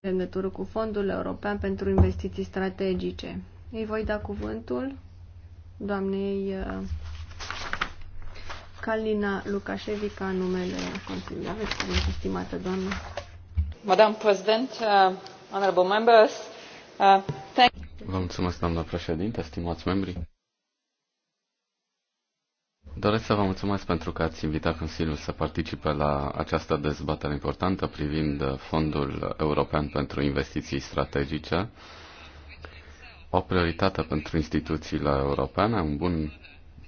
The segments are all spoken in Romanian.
legătură cu Fondul European pentru Investiții Strategice. Îi voi da cuvântul doamnei uh, Kalina Lukashevica numele Consiliului. Aveți cuvânt, estimată doamnă. Madam President, uh, honorable members, uh, thank Vă mulțumesc, doamna președinte, stimați membrii. Doresc să vă mulțumesc pentru că ați invitat Consiliul să participe la această dezbatere importantă privind Fondul European pentru Investiții Strategice, o prioritate pentru instituțiile europene, un bun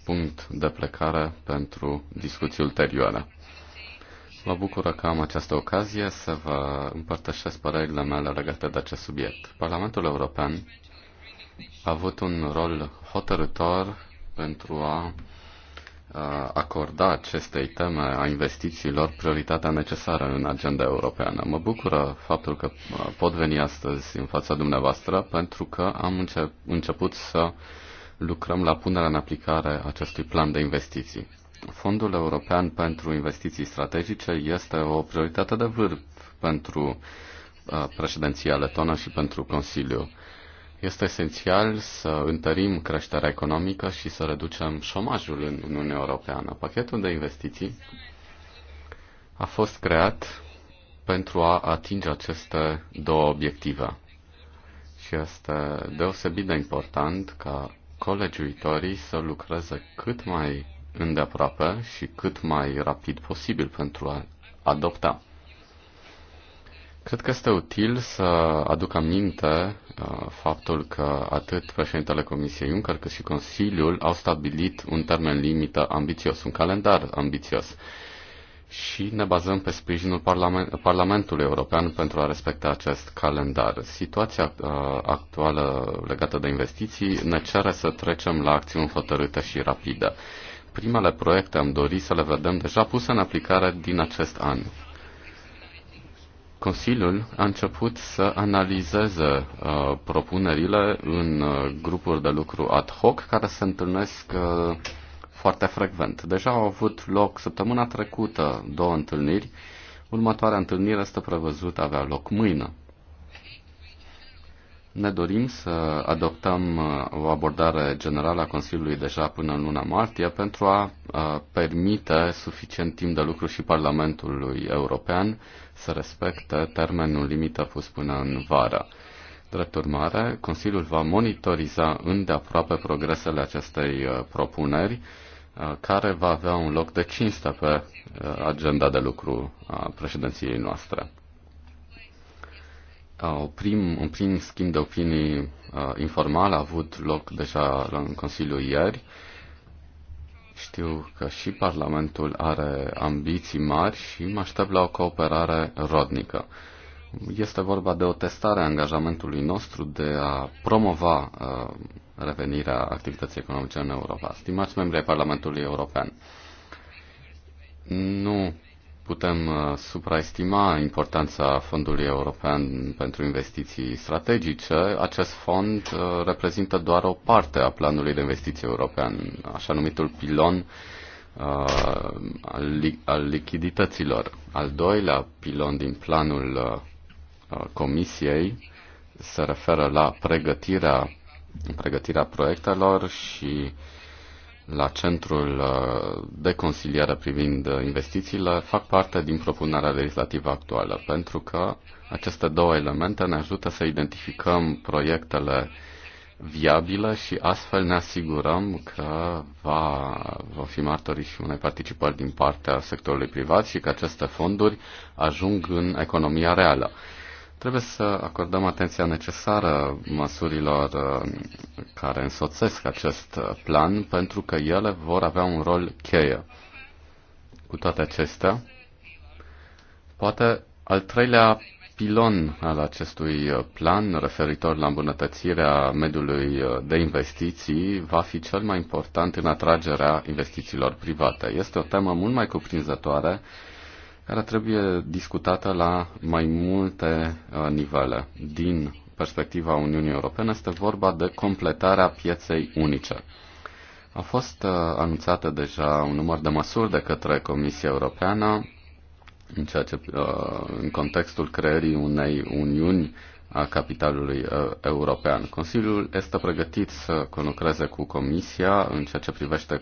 punct de plecare pentru discuții ulterioare. Mă bucură că am această ocazie să vă împărtășesc părerile mele legate de acest subiect. Parlamentul European a avut un rol hotărător pentru a acorda acestei teme a investițiilor prioritatea necesară în agenda europeană. Mă bucură faptul că pot veni astăzi în fața dumneavoastră pentru că am început să lucrăm la punerea în aplicare acestui plan de investiții. Fondul European pentru Investiții Strategice este o prioritate de vârf pentru președinția letonă și pentru Consiliu. Este esențial să întărim creșterea economică și să reducem șomajul în Uniunea Europeană. Pachetul de investiții a fost creat pentru a atinge aceste două obiective. Și este deosebit de important ca colegiuitorii să lucreze cât mai îndeaproape și cât mai rapid posibil pentru a adopta Cred că este util să aduc aminte uh, faptul că atât președintele Comisiei Juncker cât și Consiliul au stabilit un termen limită ambițios, un calendar ambițios și ne bazăm pe sprijinul Parlament, Parlamentului European pentru a respecta acest calendar. Situația uh, actuală legată de investiții ne cere să trecem la acțiuni hotărâte și rapide. Primele proiecte am dorit să le vedem deja puse în aplicare din acest an. Consiliul a început să analizeze uh, propunerile în uh, grupuri de lucru ad hoc care se întâlnesc uh, foarte frecvent. Deja au avut loc săptămâna trecută două întâlniri. Următoarea întâlnire este prevăzută avea loc mâine. Ne dorim să adoptăm uh, o abordare generală a Consiliului deja până în luna martie pentru a uh, permite suficient timp de lucru și Parlamentului European să respecte termenul limită pus până în vară. Drept urmare, Consiliul va monitoriza îndeaproape progresele acestei uh, propuneri, uh, care va avea un loc de cinste pe uh, agenda de lucru a președinției noastre. O prim, un prim schimb de opinii informal a avut loc deja în Consiliul ieri știu că și Parlamentul are ambiții mari și mă aștept la o cooperare rodnică. Este vorba de o testare a angajamentului nostru de a promova uh, revenirea activității economice în Europa. Stimați membrii Parlamentului European, nu putem uh, supraestima importanța Fondului European pentru Investiții Strategice. Acest fond uh, reprezintă doar o parte a planului de investiții european, așa numitul pilon uh, al lichidităților. Al doilea pilon din planul Comisiei se referă la pregătirea, pregătirea proiectelor și uh, la Centrul uh, de Consiliere privind investițiile fac parte din propunerea legislativă actuală, pentru că aceste două elemente ne ajută să identificăm proiectele viabile și astfel ne asigurăm că va, va fi martorii și unei participări din partea sectorului privat și că aceste fonduri ajung în economia reală. Trebuie să acordăm atenția necesară măsurilor uh, care însoțesc acest uh, plan, pentru că ele vor avea un rol cheie. Cu toate acestea, poate al treilea pilon al acestui uh, plan referitor la îmbunătățirea mediului de investiții va fi cel mai important în atragerea investițiilor private. Este o temă mult mai cuprinzătoare care trebuie discutată la mai multe uh, nivele. Din perspectiva Uniunii Europene este vorba de completarea pieței unice. A fost uh, anunțată deja un număr de măsuri de către Comisia Europeană în, ceea ce, uh, în contextul creării unei uniuni a capitalului european. Consiliul este pregătit să conlucreze cu Comisia în ceea ce privește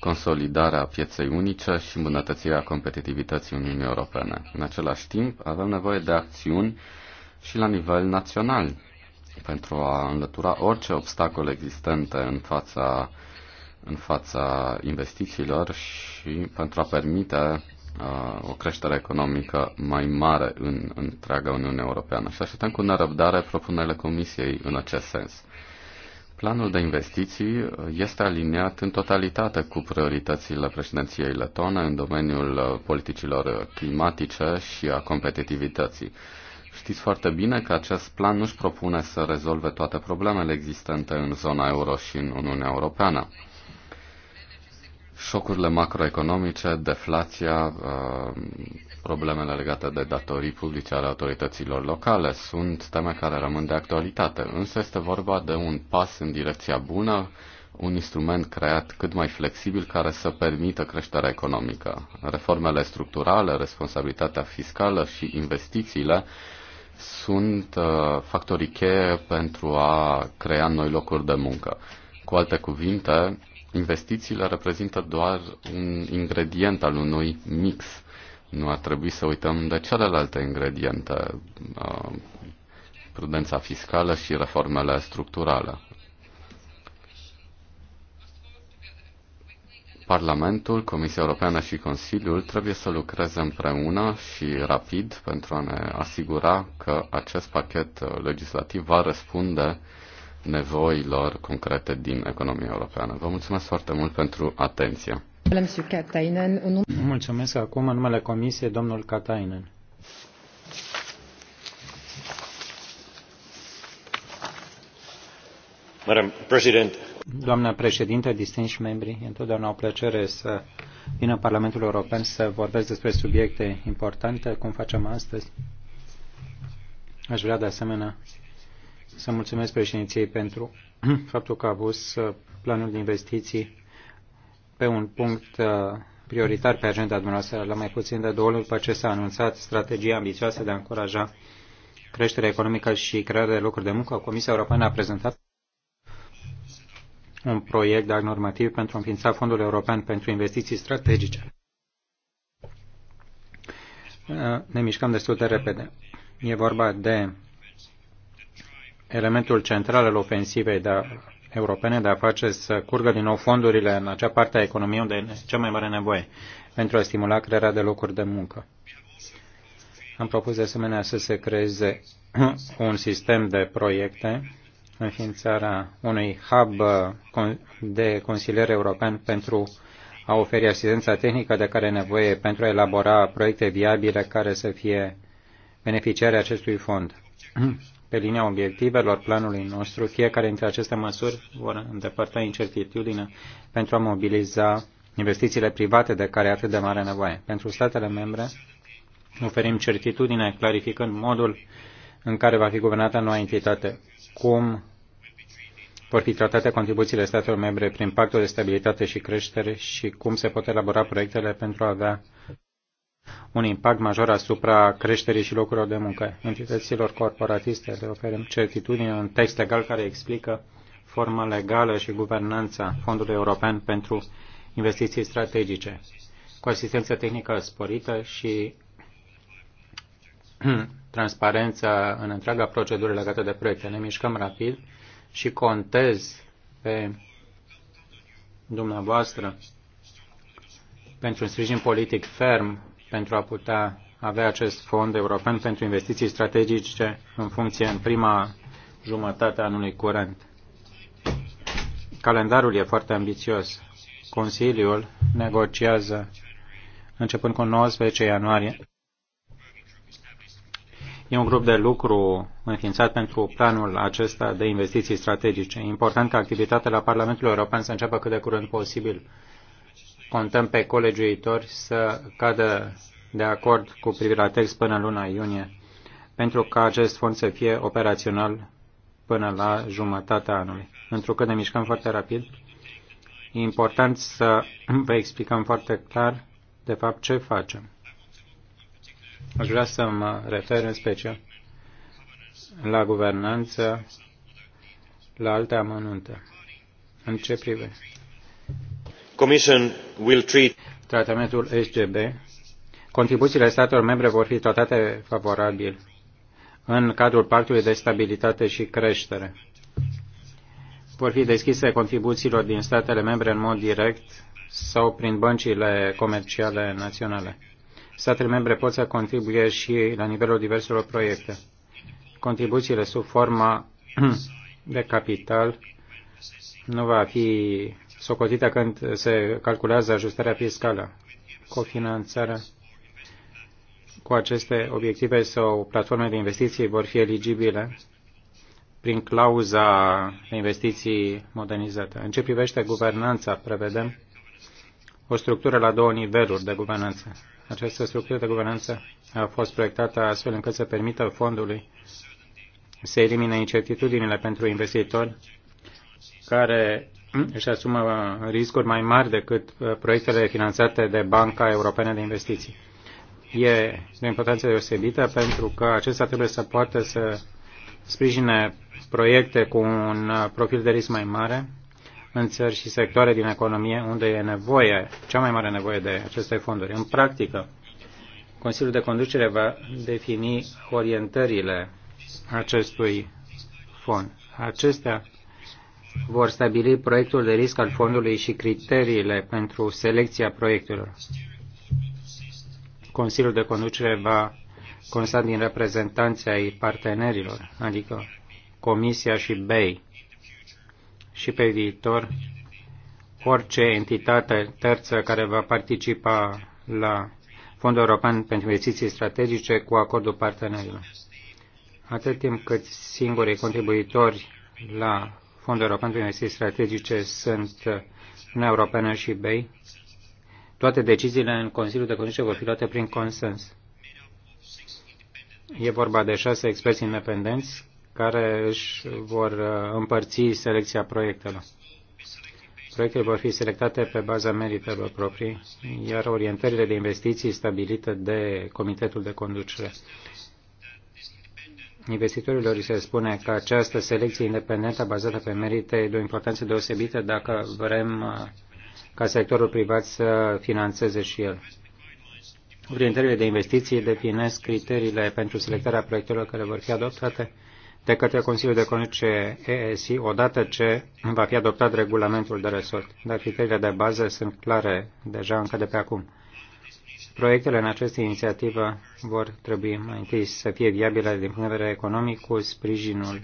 consolidarea pieței unice și îmbunătățirea competitivității Uniunii Europene. În același timp, avem nevoie de acțiuni și la nivel național pentru a înlătura orice obstacole existente în fața, în fața investițiilor și pentru a permite uh, o creștere economică mai mare în întreaga Uniune Europeană. Și așteptăm cu nerăbdare propunerile Comisiei în acest sens. Planul de investiții uh, este aliniat în totalitate cu prioritățile președinției letone în domeniul uh, politicilor climatice și a competitivității. Știți foarte bine că acest plan nu-și propune să rezolve toate problemele existente în zona euro și în Uniunea Europeană. Șocurile macroeconomice, deflația, uh, Problemele legate de datorii publice ale autorităților locale sunt teme care rămân de actualitate, însă este vorba de un pas în direcția bună, un instrument creat cât mai flexibil care să permită creșterea economică. Reformele structurale, responsabilitatea fiscală și investițiile sunt uh, factorii cheie pentru a crea noi locuri de muncă. Cu alte cuvinte, investițiile reprezintă doar un ingredient al unui mix nu ar trebui să uităm de celelalte ingrediente, uh, prudența fiscală și reformele structurale. Parlamentul, Comisia Europeană și Consiliul trebuie să lucreze împreună și rapid pentru a ne asigura că acest pachet legislativ va răspunde nevoilor concrete din economia europeană. Vă mulțumesc foarte mult pentru atenție. Mulțumesc acum în numele Comisiei, domnul Katainen. Doamna președintă, distinși membri, e întotdeauna o plăcere să vină în Parlamentul European să vorbesc despre subiecte importante, cum facem astăzi. Aș vrea de asemenea să mulțumesc președinției pentru faptul că a avut uh, planul de investiții pe un punct uh, prioritar pe agenda dumneavoastră la mai puțin de două luni după ce s-a anunțat strategia ambițioasă de a încuraja creșterea economică și crearea de locuri de muncă. Comisia Europeană a prezentat un proiect de act normativ pentru a înființa Fondul European pentru Investiții Strategice. Uh, ne mișcăm destul de repede. E vorba de elementul central al ofensivei de a europene de a face să curgă din nou fondurile în acea parte a economiei unde este cea mai mare nevoie pentru a stimula crearea de locuri de muncă. Am propus de asemenea să se creeze un sistem de proiecte înființarea unui hub uh, de consilier european pentru a oferi asistența tehnică de care e nevoie pentru a elabora proiecte viabile care să fie beneficiare acestui fond. Pe linia obiectivelor planului nostru, fiecare dintre aceste măsuri vor îndepărta incertitudinea pentru a mobiliza investițiile private de care e atât de mare nevoie. Pentru statele membre, oferim certitudine clarificând modul în care va fi guvernată noua entitate, cum vor fi tratate contribuțiile statelor membre prin pactul de stabilitate și creștere și cum se pot elabora proiectele pentru a avea un impact major asupra creșterii și locurilor de muncă. Entităților corporatiste le oferim certitudine un text legal care explică forma legală și guvernanța Fondului European pentru Investiții Strategice, cu asistență tehnică sporită și transparența în întreaga procedură legată de proiecte. Ne mișcăm rapid și contez pe dumneavoastră pentru un sprijin politic ferm pentru a putea avea acest fond european pentru investiții strategice în funcție în prima jumătate a anului curent. Calendarul e foarte ambițios. Consiliul negociază începând cu 19 ianuarie. E un grup de lucru înființat pentru planul acesta de investiții strategice. E important ca activitatea la Parlamentul European să înceapă cât de curând posibil contăm pe colegiuitori să cadă de acord cu privire la text până luna iunie, pentru ca acest fond să fie operațional până la jumătatea anului. Pentru că ne mișcăm foarte rapid, e important să vă explicăm foarte clar, de fapt, ce facem. Aș vrea să mă refer în special la guvernanță, la alte amănunte. În ce privește? Tratamentul SGB, contribuțiile statelor membre vor fi tratate favorabil în cadrul Pactului de Stabilitate și Creștere. Vor fi deschise contribuțiilor din statele membre în mod direct sau prin băncile comerciale naționale. Statele membre pot să contribuie și la nivelul diverselor proiecte. Contribuțiile sub forma de capital nu va fi socotită când se calculează ajustarea fiscală. Cofinanțarea cu aceste obiective sau platforme de investiții vor fi eligibile prin clauza investiții modernizate. În ce privește guvernanța, prevedem o structură la două niveluri de guvernanță. Această structură de guvernanță a fost proiectată astfel încât să permită fondului să elimine incertitudinile pentru investitori care Mm? își asumă riscuri mai mari decât uh, proiectele finanțate de Banca Europeană de Investiții. E de importanță deosebită pentru că acesta trebuie să poată să sprijine proiecte cu un uh, profil de risc mai mare în țări și sectoare din economie unde e nevoie, cea mai mare nevoie de aceste fonduri. În practică, Consiliul de Conducere va defini orientările acestui fond. Acestea vor stabili proiectul de risc al fondului și criteriile pentru selecția proiectelor. Consiliul de conducere va consta din reprezentanții ai partenerilor, adică Comisia și BEI. Și pe viitor, orice entitate terță care va participa la Fondul European pentru Investiții Strategice cu acordul partenerilor. Atât timp cât singurii contribuitori la Fondul European pentru Investiții Strategice sunt uh, Uniunea Europeană și BEI. Toate deciziile în Consiliul de Conducere vor fi luate prin consens. E vorba de șase experți independenți care își vor uh, împărți selecția proiectelor. Proiectele vor fi selectate pe baza meritelor proprii, iar orientările de investiții stabilite de Comitetul de Conducere investitorilor se spune că această selecție independentă bazată pe merite e de o importanță deosebită dacă vrem uh, ca sectorul privat să financeze și el. Orientările de investiții definesc criteriile pentru selectarea proiectelor care vor fi adoptate de către Consiliul de Conduce ESI odată ce va fi adoptat regulamentul de resort. Dar criteriile de bază sunt clare deja încă de pe acum. Proiectele în această inițiativă vor trebui mai întâi să fie viabile din punct de vedere economic cu sprijinul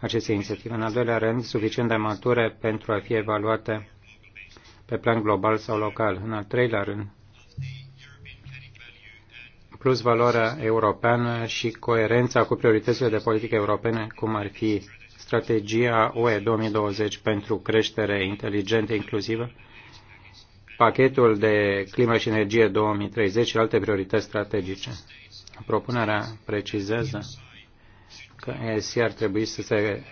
acestei inițiative. În al doilea rând, suficient de mature pentru a fi evaluate pe plan global sau local. În al treilea rând, plus valoarea europeană și coerența cu prioritățile de politică europene, cum ar fi strategia UE 2020 pentru creștere inteligentă inclusivă, pachetul de climă și energie 2030 și alte priorități strategice. Propunerea precizează că ESI ar trebui să se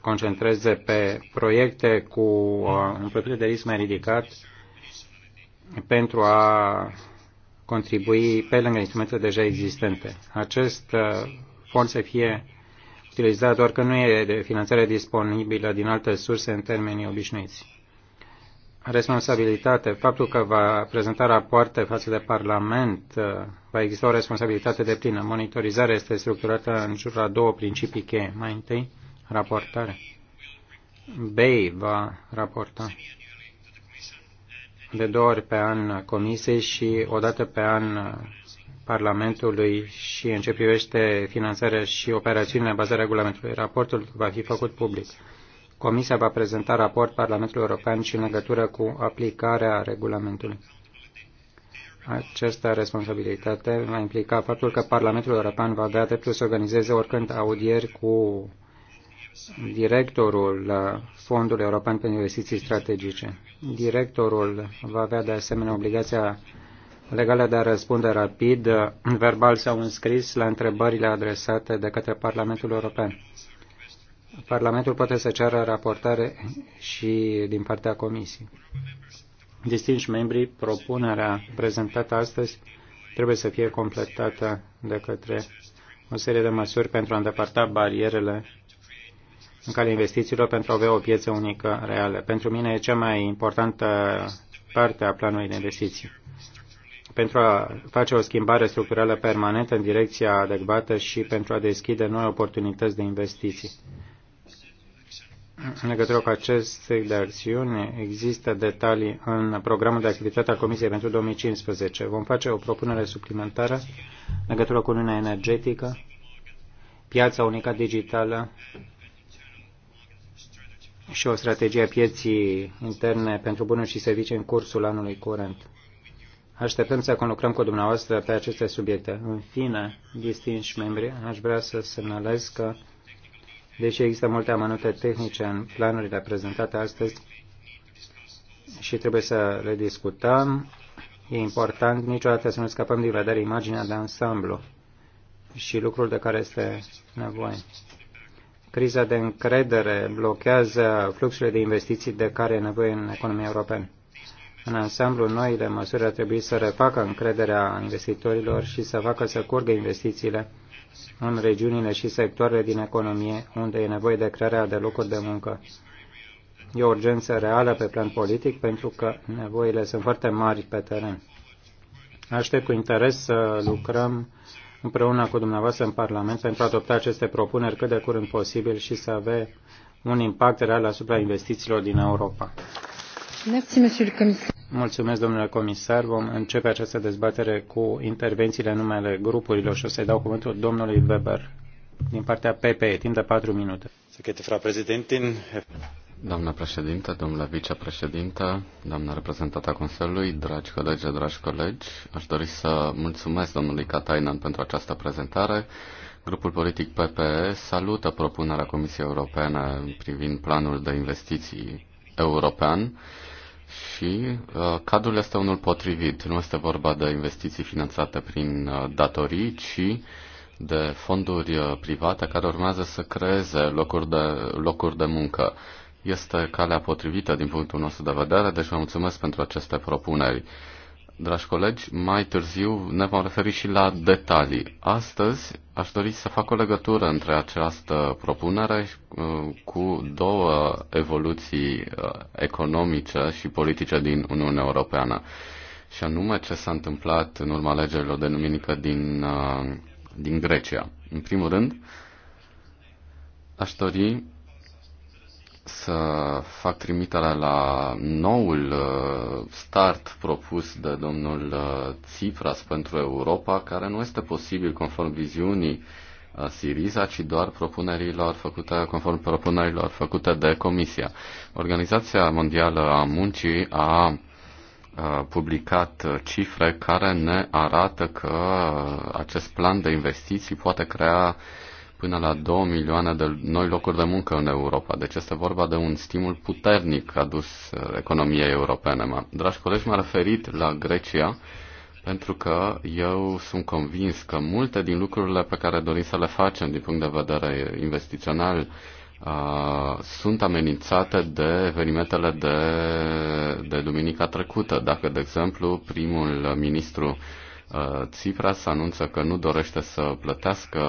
concentreze pe proiecte cu uh, un profil de risc mai ridicat pentru a contribui pe lângă instrumente deja existente. Acest uh, fond să fie utilizat doar că nu e de finanțare disponibilă din alte surse în termenii obișnuiți responsabilitate, faptul că va prezenta rapoarte față de Parlament, uh, va exista o responsabilitate de plină. Monitorizarea este structurată în jur la două principii cheie. Mai întâi, raportare. BEI va raporta de două ori pe an Comisiei și o dată pe an Parlamentului și în ce privește finanțarea și operațiunile în baza regulamentului. Raportul va fi făcut public. Comisia va prezenta raport Parlamentului European și în legătură cu aplicarea regulamentului. Această responsabilitate va implica faptul că Parlamentul European va avea dreptul să organizeze oricând audieri cu directorul Fondului European pentru Investiții Strategice. Directorul va avea de asemenea obligația legală de a răspunde rapid, verbal sau înscris, la întrebările adresate de către Parlamentul European. Parlamentul poate să ceară raportare și din partea Comisiei. Distinși membrii, propunerea prezentată astăzi trebuie să fie completată de către o serie de măsuri pentru a îndepărta barierele în calea investițiilor pentru a avea o piață unică reală. Pentru mine e cea mai importantă parte a planului de investiții. Pentru a face o schimbare structurală permanentă în direcția adecvată și pentru a deschide noi oportunități de investiții. În legătură cu acest sec de acțiune, există detalii în programul de activitate al Comisiei pentru 2015. Vom face o propunere suplimentară în legătură cu Uniunea Energetică, piața unică digitală și o strategie a pieții interne pentru bunuri și servicii în cursul anului curent. Așteptăm să conlucrăm cu dumneavoastră pe aceste subiecte. În fine, distinși membri, aș vrea să semnalez că Deși există multe amănunte tehnice în planurile prezentate astăzi și trebuie să le discutăm, e important niciodată să nu scăpăm din vedere imaginea de ansamblu și lucrul de care este nevoie. Criza de încredere blochează fluxurile de investiții de care e nevoie în economia europeană. În ansamblu, noile măsuri ar trebui să refacă încrederea investitorilor și să facă să curgă investițiile în regiunile și sectoarele din economie unde e nevoie de crearea de locuri de muncă. E o urgență reală pe plan politic pentru că nevoile sunt foarte mari pe teren. Aștept cu interes să lucrăm împreună cu dumneavoastră în Parlament pentru a adopta aceste propuneri cât de curând posibil și să avem un impact real asupra investițiilor din Europa. Mulțumesc, domnule comisar. Vom începe această dezbatere cu intervențiile în numele grupurilor și o să-i dau cuvântul domnului Weber din partea PPE, timp de patru minute. Doamna președintă, domnule vicepreședintă, doamna reprezentată a Consiliului, dragi colegi, dragi colegi, aș dori să mulțumesc domnului Catainan pentru această prezentare. Grupul politic PPE salută propunerea Comisiei Europene privind planul de investiții european și uh, cadrul este unul potrivit. Nu este vorba de investiții finanțate prin uh, datorii, ci de fonduri uh, private care urmează să creeze locuri de, locuri de muncă. Este calea potrivită din punctul nostru de vedere, deci vă mulțumesc pentru aceste propuneri. Dragi colegi, mai târziu ne vom referi și la detalii. Astăzi Aș dori să fac o legătură între această propunere uh, cu două evoluții uh, economice și politice din Uniunea Europeană. Și anume ce s-a întâmplat în urma alegerilor de duminică din, uh, din Grecia. În primul rând, aș dori să fac trimitere la noul uh, start propus de domnul uh, Tsipras pentru Europa, care nu este posibil conform viziunii uh, Siriza, ci doar propunerilor făcute, conform propunerilor făcute de Comisia. Organizația Mondială a Muncii a publicat cifre care ne arată că acest plan de investiții poate crea până la 2 milioane de noi locuri de muncă în Europa. Deci este vorba de un stimul puternic adus uh, economiei europene. Dragi colegi, m-a referit la Grecia pentru că eu sunt convins că multe din lucrurile pe care dorim să le facem din punct de vedere investițional uh, sunt amenințate de evenimentele de, de duminica trecută. Dacă, de exemplu, primul ministru uh, Tsipras uh, anunță că nu dorește să plătească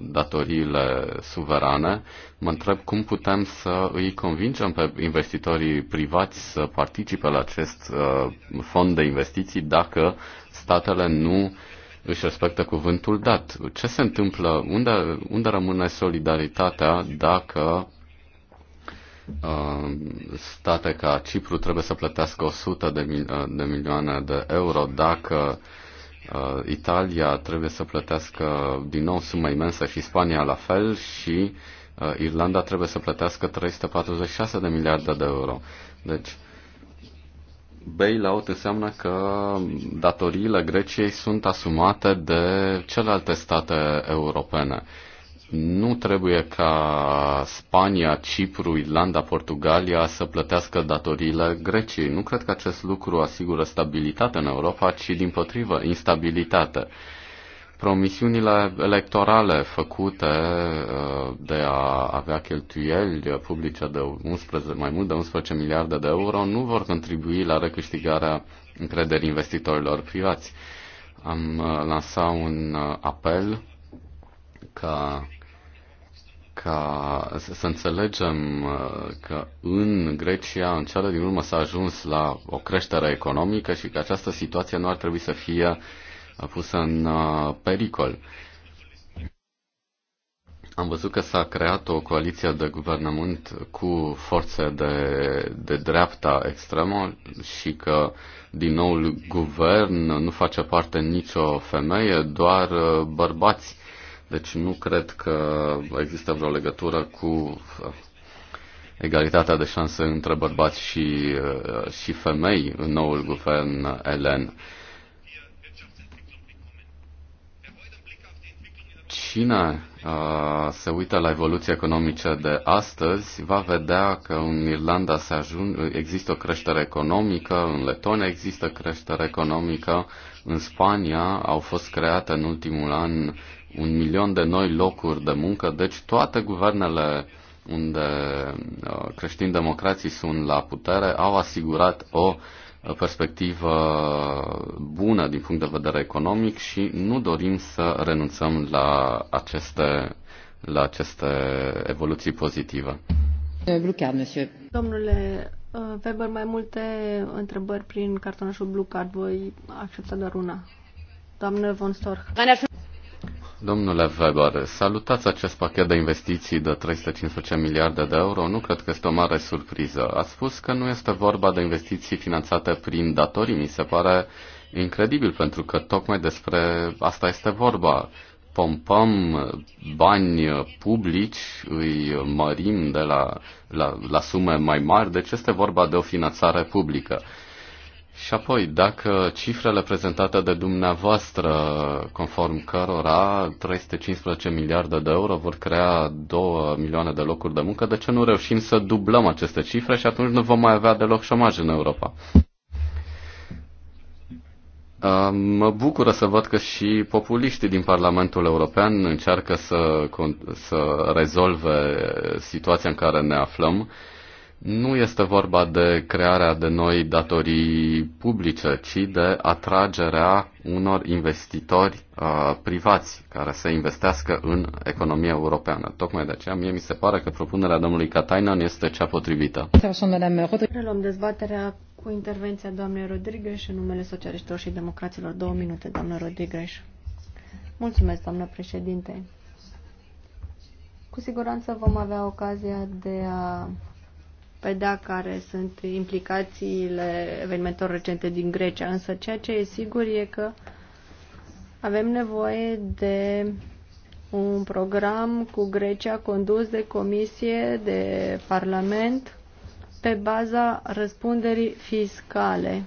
datoriile suverane. Mă întreb cum putem să îi convingem pe investitorii privați să participe la acest uh, fond de investiții dacă statele nu își respectă cuvântul dat. Ce se întâmplă? Unde, unde rămâne solidaritatea dacă uh, state ca Cipru trebuie să plătească 100 de, mil- de milioane de euro dacă uh, Uh, Italia trebuie să plătească din nou sumă imensă și Spania la fel și uh, Irlanda trebuie să plătească 346 de miliarde de euro. Deci, bailout înseamnă că datoriile Greciei sunt asumate de celelalte state europene nu trebuie ca Spania, Cipru, Irlanda, Portugalia să plătească datoriile Greciei. Nu cred că acest lucru asigură stabilitate în Europa, ci din potrivă instabilitate. Promisiunile electorale făcute uh, de a avea cheltuieli publice de 11, mai mult de 11 miliarde de euro nu vor contribui la recâștigarea încrederii investitorilor privați. Am uh, lansat un uh, apel ca ca să înțelegem uh, că în Grecia, în cele din urmă, s-a ajuns la o creștere economică și că această situație nu ar trebui să fie uh, pusă în uh, pericol. Am văzut că s-a creat o coaliție de guvernământ cu forțe de, de dreapta extremă și că din noul guvern nu face parte nicio femeie, doar bărbați deci nu cred că există vreo legătură cu uh, egalitatea de șanse între bărbați și, uh, și femei în noul guvern elen. Cine uh, se uită la evoluția economică de astăzi va vedea că în Irlanda se ajung, există o creștere economică, în Letonia există creștere economică, în Spania au fost create în ultimul an un milion de noi locuri de muncă, deci toate guvernele unde uh, creștini-democrații sunt la putere au asigurat o uh, perspectivă bună din punct de vedere economic și nu dorim să renunțăm la aceste, la aceste evoluții pozitive. Domnule uh, Weber, mai multe întrebări prin cartonașul Blue Card. Voi accepta doar una. Doamnă von Storch. Domnule Weber, salutați acest pachet de investiții de 315 miliarde de euro. Nu cred că este o mare surpriză. Ați spus că nu este vorba de investiții finanțate prin datorii. Mi se pare incredibil, pentru că tocmai despre asta este vorba. Pompăm bani publici, îi mărim de la, la, la sume mai mari, deci este vorba de o finanțare publică. Și apoi, dacă cifrele prezentate de dumneavoastră, conform cărora 315 miliarde de euro vor crea 2 milioane de locuri de muncă, de ce nu reușim să dublăm aceste cifre și atunci nu vom mai avea deloc șomaj în Europa? Mă bucură să văd că și populiștii din Parlamentul European încearcă să, să rezolve situația în care ne aflăm nu este vorba de crearea de noi datorii publice, ci de atragerea unor investitori uh, privați care să investească în economia europeană. Tocmai de aceea mie mi se pare că propunerea domnului Katainen este cea potrivită. Reluăm dezbaterea cu intervenția doamnei Rodriguez în numele socialiștilor și democraților. Două minute, doamnă Rodriguez. Mulțumesc, doamnă președinte. Cu siguranță vom avea ocazia de a vedea păi care sunt implicațiile evenimentelor recente din Grecia, însă ceea ce e sigur e că avem nevoie de un program cu Grecia condus de Comisie, de Parlament, pe baza răspunderii fiscale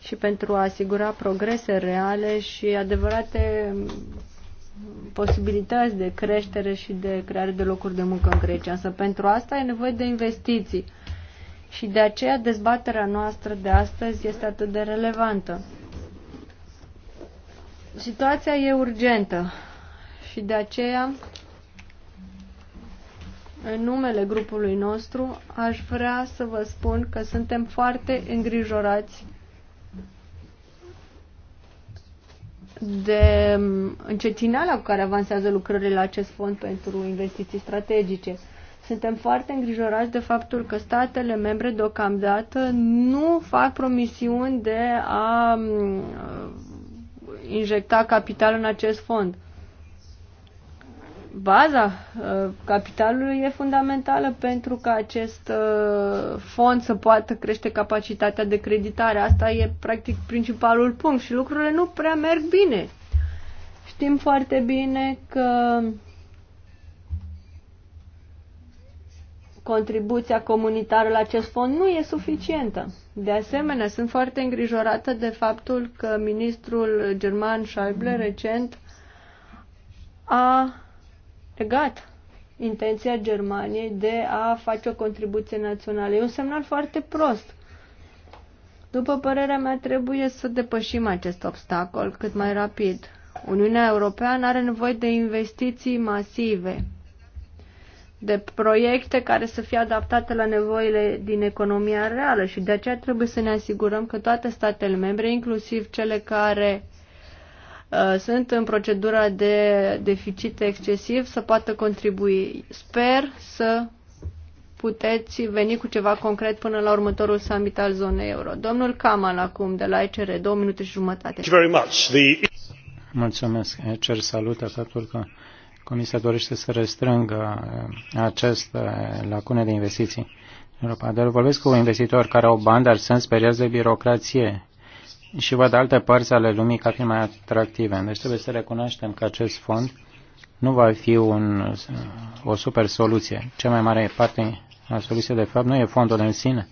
și pentru a asigura progrese reale și adevărate posibilități de creștere și de creare de locuri de muncă în Grecia. Însă pentru asta e nevoie de investiții. Și de aceea dezbaterea noastră de astăzi este atât de relevantă. Situația e urgentă și de aceea, în numele grupului nostru, aș vrea să vă spun că suntem foarte îngrijorați de mm, încetinala cu care avansează lucrările la acest fond pentru investiții strategice. Suntem foarte îngrijorați de faptul că statele membre deocamdată nu fac promisiuni de a mm, injecta capital în acest fond baza uh, capitalului e fundamentală pentru ca acest uh, fond să poată crește capacitatea de creditare. Asta e practic principalul punct și lucrurile nu prea merg bine. Știm foarte bine că contribuția comunitară la acest fond nu e suficientă. De asemenea, sunt foarte îngrijorată de faptul că ministrul german Schäuble recent a legat intenția Germaniei de a face o contribuție națională. E un semnal foarte prost. După părerea mea, trebuie să depășim acest obstacol cât mai rapid. Uniunea Europeană are nevoie de investiții masive, de proiecte care să fie adaptate la nevoile din economia reală și de aceea trebuie să ne asigurăm că toate statele membre, inclusiv cele care Uh, sunt în procedura de deficit excesiv să poată contribui. Sper să puteți veni cu ceva concret până la următorul summit al zonei euro. Domnul Kamal acum de la ECR, două minute și jumătate. Mulțumesc. ECR salută faptul că Comisia dorește să restrângă uh, aceste uh, lacune de investiții. Europa. Dar vorbesc cu investitori care au bani, dar sunt speriați de birocrație și văd alte părți ale lumii ca fiind mai atractive. Deci trebuie să recunoaștem că acest fond nu va fi un, o super soluție. Cea mai mare parte a soluției, de fapt, nu e fondul în sine,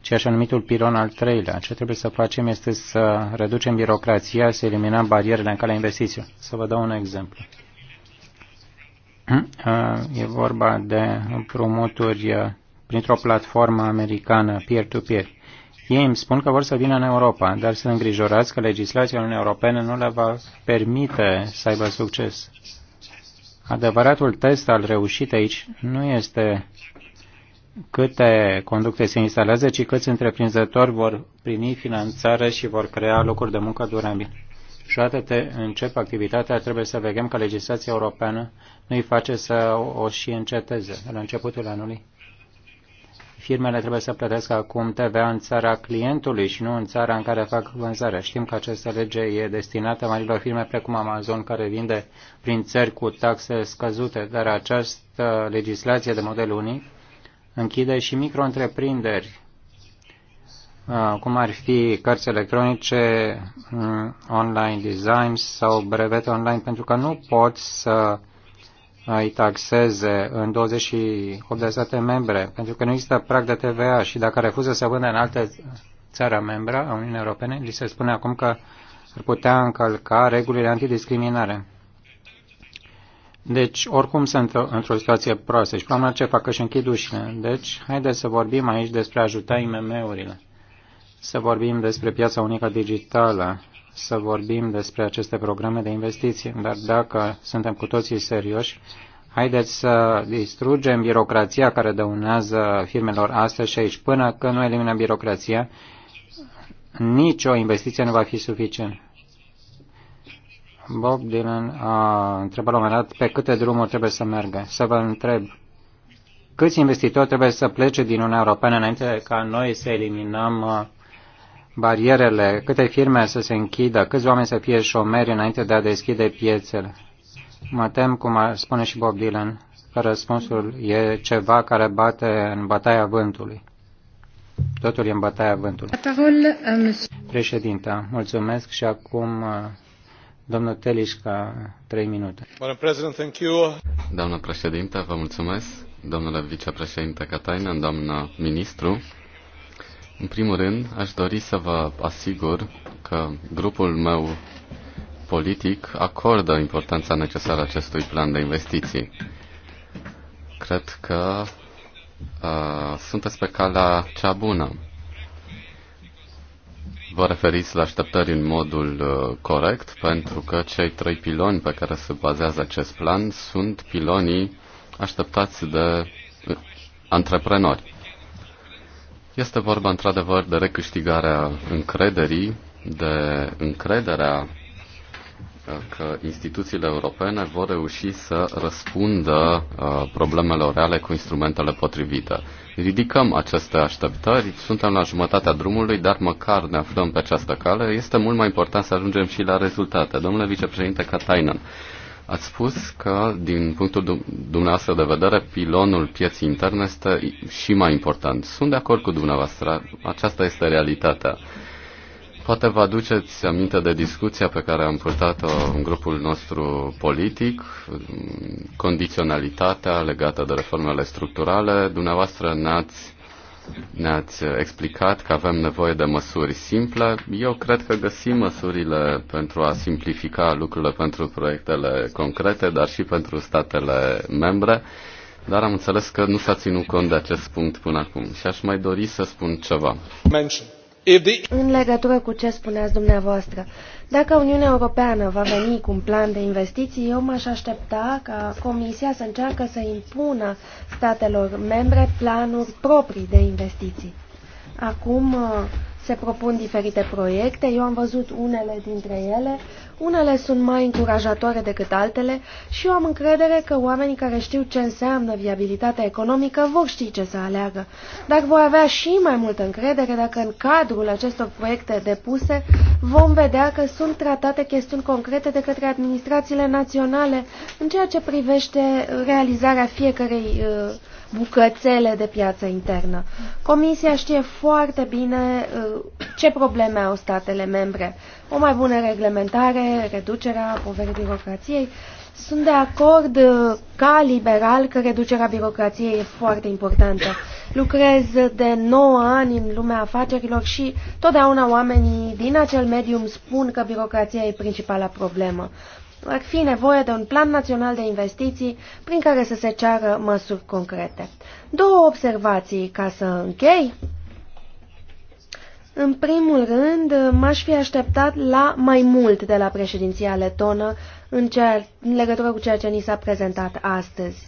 ci așa numitul piron al treilea. Ce trebuie să facem este să reducem birocrația, să eliminăm barierele în calea investițiilor. Să vă dau un exemplu. E vorba de împrumuturi printr-o platformă americană peer-to-peer. -peer. Ei îmi spun că vor să vină în Europa, dar sunt îngrijorați că legislația Uniunii Europene nu le va permite să aibă succes. Adevăratul test al reușit aici nu este câte conducte se instalează, ci câți întreprinzători vor primi finanțare și vor crea locuri de muncă durabile. Și odată te încep activitatea, trebuie să vedem că legislația europeană nu îi face să o și înceteze. La începutul anului firmele trebuie să plătească acum TVA în țara clientului și nu în țara în care fac vânzare. Știm că această lege e destinată marilor firme precum Amazon, care vinde prin țări cu taxe scăzute, dar această legislație de model unic închide și micro-întreprinderi, uh, cum ar fi cărți electronice, mm, online design sau brevete online, pentru că nu pot să îi taxeze în 28 de state membre, pentru că nu există prag de TVA și dacă refuză să vândă în alte țară membra a Uniunii Europene, li se spune acum că ar putea încălca regulile antidiscriminare. Deci, oricum sunt într-o situație proastă și până ce facă și închid ușile. Deci, haideți să vorbim aici despre ajuta IMM-urile. Să vorbim despre piața unică digitală să vorbim despre aceste programe de investiții, dar dacă suntem cu toții serioși, haideți să distrugem birocrația care dăunează firmelor astăzi și aici. Până când nu eliminăm birocrația, nicio investiție nu va fi suficientă. Bob Dylan a întrebat la un moment dat pe câte drumuri trebuie să meargă. Să vă întreb, câți investitori trebuie să plece din Uniunea Europeană înainte ca noi să eliminăm uh, barierele, câte firme să se închidă, câți oameni să fie șomeri înainte de a deschide piețele. Mă tem, cum spune și Bob Dylan, că răspunsul e ceva care bate în bătaia vântului. Totul e în bătaia vântului. Uh, Președinta, mulțumesc și acum uh, domnul Telișca, trei minute. Doamnă președinte, vă mulțumesc. Domnule vicepreședinte Catainen, doamnă ministru, în primul rând, aș dori să vă asigur că grupul meu politic acordă importanța necesară acestui plan de investiții. Cred că uh, sunteți pe calea cea bună. Vă referiți la așteptări în modul uh, corect, pentru că cei trei piloni pe care se bazează acest plan sunt pilonii așteptați de uh, antreprenori. Este vorba într-adevăr de recâștigarea încrederii, de încrederea uh, că instituțiile europene vor reuși să răspundă uh, problemelor reale cu instrumentele potrivite. Ridicăm aceste așteptări, suntem la jumătatea drumului, dar măcar ne aflăm pe această cale. Este mult mai important să ajungem și la rezultate. Domnule vicepreședinte Katainen, Ați spus că, din punctul dumneavoastră de vedere, pilonul pieții interne este și mai important. Sunt de acord cu dumneavoastră, aceasta este realitatea. Poate vă aduceți aminte de discuția pe care am purtat-o în grupul nostru politic, condiționalitatea legată de reformele structurale. Dumneavoastră ne-ați ne-ați uh, explicat că avem nevoie de măsuri simple. Eu cred că găsim măsurile pentru a simplifica lucrurile pentru proiectele concrete, dar și pentru statele membre. Dar am înțeles că nu s-a ținut cont de acest punct până acum și aș mai dori să spun ceva. În legătură cu ce spuneați dumneavoastră, dacă Uniunea Europeană va veni cu un plan de investiții, eu m-aș aștepta ca Comisia să încearcă să impună statelor membre planuri proprii de investiții. Acum uh, se propun diferite proiecte, eu am văzut unele dintre ele, unele sunt mai încurajatoare decât altele și eu am încredere că oamenii care știu ce înseamnă viabilitatea economică vor ști ce să aleagă, dar vor avea și mai multă încredere dacă în cadrul acestor proiecte depuse vom vedea că sunt tratate chestiuni concrete de către administrațiile naționale în ceea ce privește realizarea fiecărei uh, bucățele de piață internă. Comisia știe foarte bine uh, ce probleme au statele membre. O mai bună reglementare, reducerea poverii birocrației. Sunt de acord uh, ca liberal că reducerea birocrației e foarte importantă. Lucrez de 9 ani în lumea afacerilor și totdeauna oamenii din acel mediu spun că birocrația e principala problemă ar fi nevoie de un plan național de investiții prin care să se ceară măsuri concrete. Două observații ca să închei. În primul rând, m-aș fi așteptat la mai mult de la președinția letonă în, ceea, în legătură cu ceea ce ni s-a prezentat astăzi.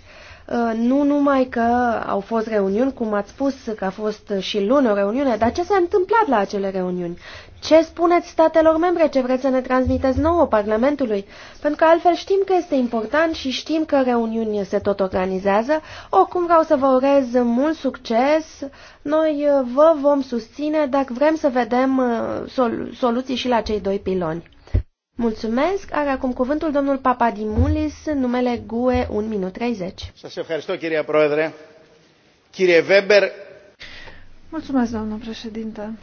Uh, nu numai că au fost reuniuni, cum ați spus că a fost și luni o reuniune, dar ce s-a întâmplat la acele reuniuni? Ce spuneți statelor membre? Ce vreți să ne transmiteți nouă Parlamentului? Pentru că altfel știm că este important și știm că reuniuni se tot organizează. Oricum vreau să vă urez mult succes. Noi uh, vă vom susține dacă vrem să vedem uh, sol soluții și la cei doi piloni. Mulțumesc. Are acum cuvântul domnul Papadimulis în numele GUE 1 minut 30. Mulțumesc, doamnă președinte.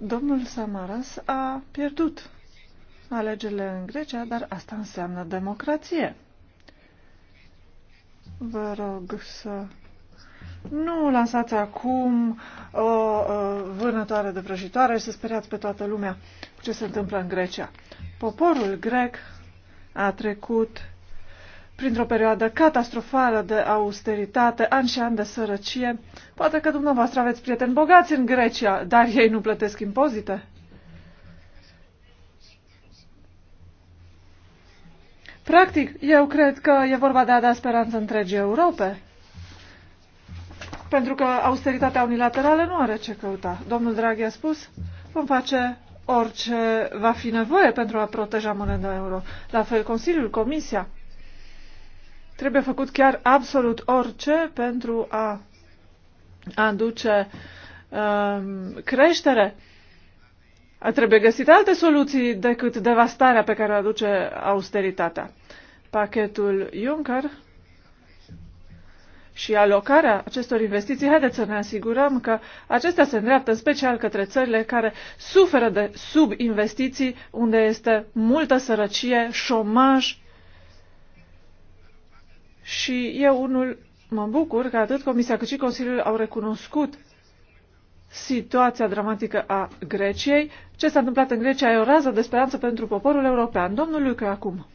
Domnul Samaras a pierdut alegerile în Grecia, dar asta înseamnă democrație. Vă rog să nu lansați acum o uh, uh, vânătoare de vrăjitoare și să speriați pe toată lumea cu ce se întâmplă în Grecia. Poporul grec a trecut printr-o perioadă catastrofală de austeritate, ani și ani de sărăcie. Poate că dumneavoastră aveți prieteni bogați în Grecia, dar ei nu plătesc impozite. Practic, eu cred că e vorba de a da speranță întregii Europe pentru că austeritatea unilaterală nu are ce căuta. Domnul Draghi a spus, vom face orice va fi nevoie pentru a proteja moneda euro. La fel, Consiliul, Comisia. Trebuie făcut chiar absolut orice pentru a aduce um, creștere. Trebuie găsite alte soluții decât devastarea pe care o aduce austeritatea. Pachetul Juncker și alocarea acestor investiții, haideți să ne asigurăm că acestea se îndreaptă în special către țările care suferă de subinvestiții, unde este multă sărăcie, șomaj. Și eu unul mă bucur că atât Comisia cât și Consiliul au recunoscut situația dramatică a Greciei. Ce s-a întâmplat în Grecia e o rază de speranță pentru poporul european. Domnul Lucă acum.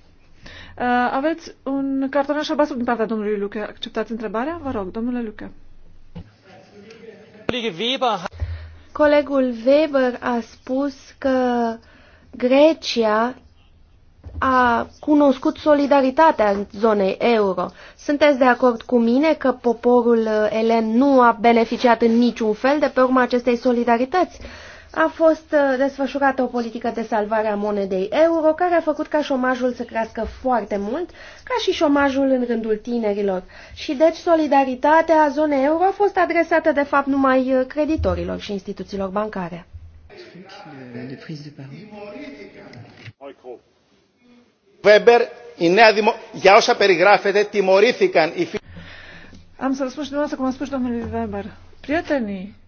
Uh, aveți un cartonaș albastru din partea domnului Luche. Acceptați întrebarea? Vă rog, domnule Luche. Colegul Weber a spus că Grecia a cunoscut solidaritatea în zonei euro. Sunteți de acord cu mine că poporul elen nu a beneficiat în niciun fel de pe urma acestei solidarități? a fost uh, desfășurată o politică de salvare a monedei euro, care a făcut ca șomajul să crească foarte mult, ca și șomajul în rândul tinerilor. Și deci solidaritatea zonei euro a fost adresată de fapt numai uh, creditorilor și instituțiilor bancare. Weber, în νέα δημο... για όσα περιγράφεται, Am să răspund și dumneavoastră cum a spus domnul Weber. Prietenii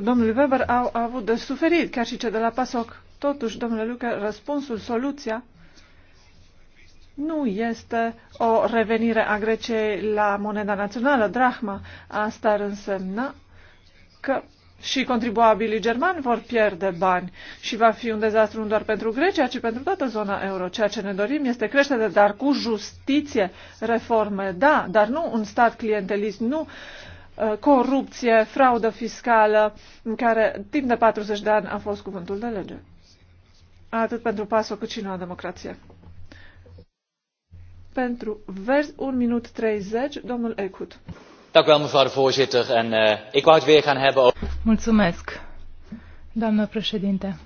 Domnul Weber au avut de suferit, chiar și ce de la PASOC. Totuși, domnule Luca, răspunsul, soluția nu este o revenire a Greciei la moneda națională, drahma. Asta ar însemna că și contribuabilii germani vor pierde bani și va fi un dezastru nu doar pentru Grecia, ci pentru toată zona euro. Ceea ce ne dorim este creștere, dar cu justiție, reforme, da, dar nu un stat clientelist, nu uh, Uh, corupție, fraudă fiscală, în care timp de 40 de ani a fost cuvântul de lege. Atât pentru pasul cât și noua democrație. Pentru vers 1 minut 30, domnul Ecut. voorzitter. En eh, ik wou het weer gaan hebben over... Mulțumesc, doamnă președinte.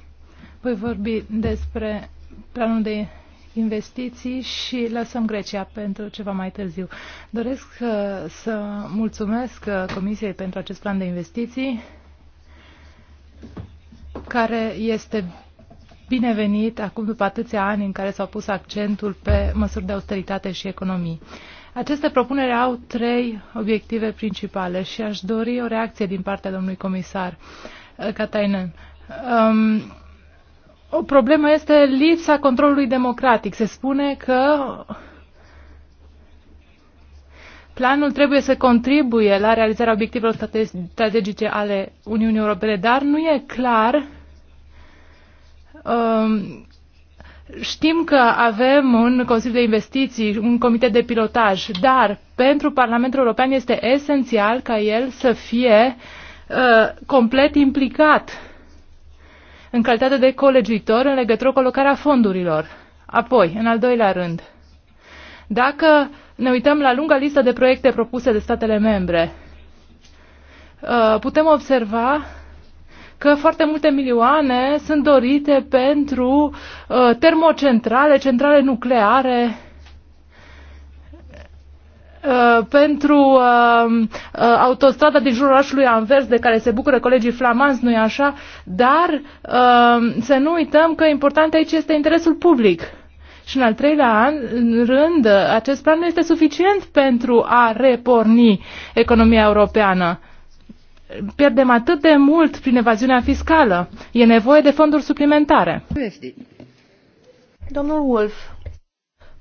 Voi vorbi despre planul de investiții și lăsăm Grecia pentru ceva mai târziu. Doresc uh, să mulțumesc uh, Comisiei pentru acest plan de investiții care este binevenit acum după atâția ani în care s-au pus accentul pe măsuri de austeritate și economii. Aceste propuneri au trei obiective principale și aș dori o reacție din partea domnului comisar Catainen. Uh, um, o problemă este lipsa controlului democratic. Se spune că planul trebuie să contribuie la realizarea obiectivelor strategice ale Uniunii Europene, dar nu e clar. Um, știm că avem un Consiliu de Investiții, un comitet de pilotaj, dar pentru Parlamentul European este esențial ca el să fie uh, complet implicat în calitate de colegiuitor în legătură cu alocarea fondurilor. Apoi, în al doilea rând, dacă ne uităm la lunga listă de proiecte propuse de statele membre, uh, putem observa că foarte multe milioane sunt dorite pentru uh, termocentrale, centrale nucleare, Uh, pentru uh, uh, autostrada din jurul orașului Anvers, de care se bucură colegii flamanți, nu-i așa? Dar să nu uităm că important aici este interesul public. Și în al treilea an, în rând, acest plan nu este suficient pentru a reporni economia europeană. Pierdem atât de mult prin evaziunea fiscală. E nevoie de fonduri suplimentare. Domnul Wolf.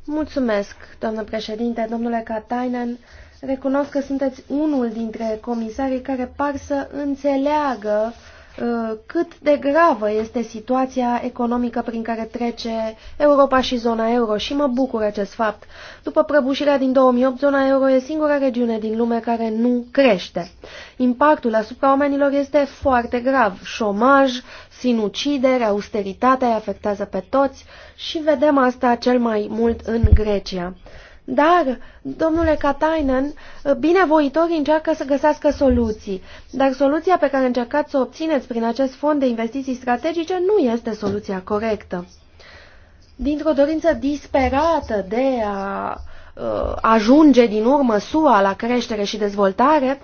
Mulțumesc, doamnă președinte, domnule Katainen. Recunosc că sunteți unul dintre comisarii care par să înțeleagă uh, cât de gravă este situația economică prin care trece Europa și zona euro și mă bucur acest fapt. După prăbușirea din 2008, zona euro e singura regiune din lume care nu crește. Impactul asupra oamenilor este foarte grav. Șomaj, sinucideri, austeritatea îi afectează pe toți și vedem asta cel mai mult în Grecia. Dar, domnule Katainen, binevoitorii încearcă să găsească soluții, dar soluția pe care încercați să o obțineți prin acest fond de investiții strategice nu este soluția corectă. Dintr-o dorință disperată de a uh, ajunge din urmă SUA la creștere și dezvoltare,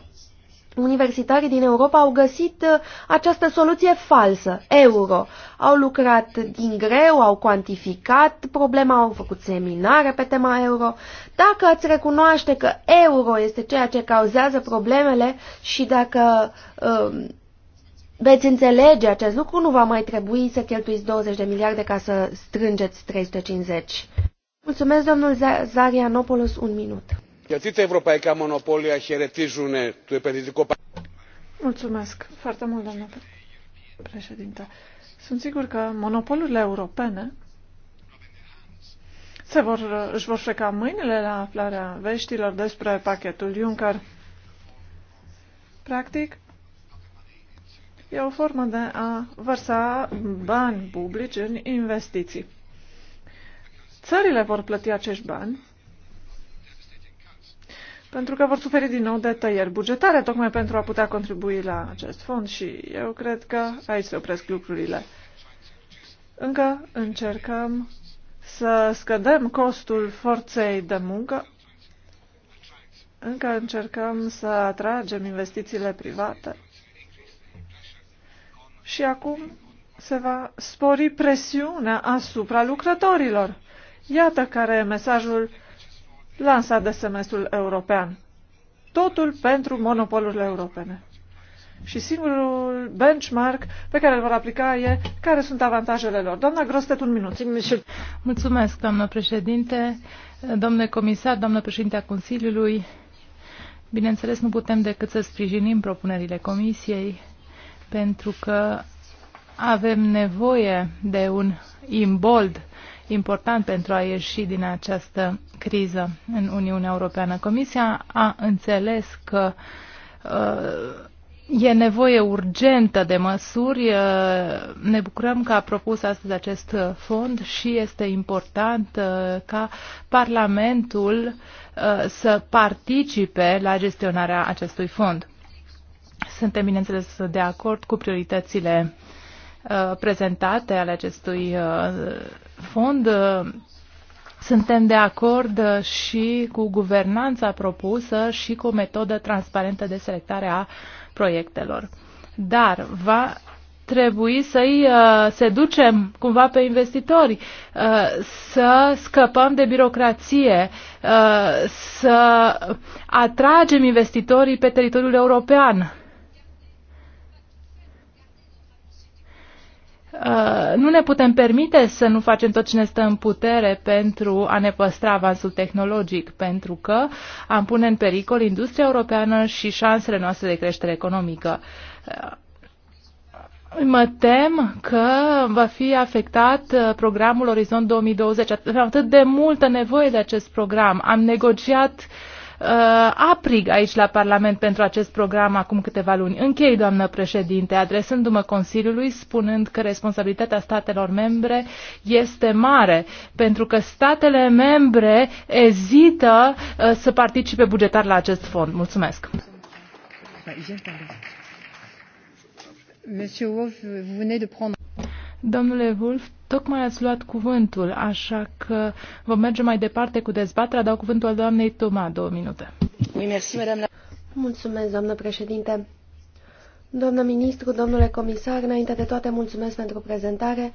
Universitarii din Europa au găsit uh, această soluție falsă, euro. Au lucrat din greu, au cuantificat problema, au făcut seminare pe tema euro. Dacă ați recunoaște că euro este ceea ce cauzează problemele și dacă um, veți înțelege acest lucru, nu va mai trebui să cheltuiți 20 de miliarde ca să strângeți 350. Mulțumesc, domnul Zarianopoulos, un minut. Γιατί τα ευρωπαϊκά μονοπόλια χαιρετίζουν το επενδυτικό Mulțumesc foarte mult, doamnă președintă. Sunt sigur că monopolurile europene se vor, își vor freca mâinile la aflarea veștilor despre pachetul Juncker. Practic, e o formă de a vărsa bani publici în investiții. Țările vor plăti acești bani pentru că vor suferi din nou de tăieri bugetare, tocmai pentru a putea contribui la acest fond și eu cred că aici se opresc lucrurile. Încă încercăm să scădem costul forței de muncă, încă încercăm să atragem investițiile private și acum se va spori presiunea asupra lucrătorilor. Iată care e mesajul lansat de semestrul european. Totul pentru monopolurile europene. Și singurul benchmark pe care îl vor aplica e care sunt avantajele lor. Doamna Grostet, un minut. Mulțumesc, doamnă președinte, domnule comisar, doamnă președinte a Consiliului. Bineînțeles, nu putem decât să sprijinim propunerile comisiei, pentru că avem nevoie de un imbold important pentru a ieși din această criză în Uniunea Europeană. Comisia a înțeles că uh, e nevoie urgentă de măsuri. Uh, ne bucurăm că a propus astăzi acest fond și este important uh, ca Parlamentul să participe la gestionarea acestui fond. Suntem, bineînțeles, de acord cu prioritățile uh, Uh, prezentate ale acestui uh, fond. Uh, suntem de acord și cu guvernanța propusă și cu o metodă transparentă de selectare a proiectelor. Dar va trebui să-i seducem cumva pe investitori, să scăpăm de birocrație, să atragem investitorii pe teritoriul european Uh, nu ne putem permite să nu facem tot ce ne stă în putere pentru a ne păstra avansul tehnologic, pentru că am pune în pericol industria europeană și șansele noastre de creștere economică. Uh, mă tem că va fi afectat uh, programul Orizont 2020. Avem atât de multă nevoie de acest program. Am negociat uh, Uh, aprig aici la Parlament pentru acest program acum câteva luni. Închei, doamnă președinte, adresându-mă Consiliului, spunând că responsabilitatea statelor membre este mare, pentru că statele membre ezită uh, să participe bugetar la acest fond. Mulțumesc. Monsieur Wolf, vous venez de prendre... Domnule Wolf, Tocmai ați luat cuvântul, așa că vom merge mai departe cu dezbaterea. Dau cuvântul doamnei Toma, două minute. Mulțumesc, doamnă președinte. Doamnă ministru, domnule comisar, înainte de toate mulțumesc pentru prezentare.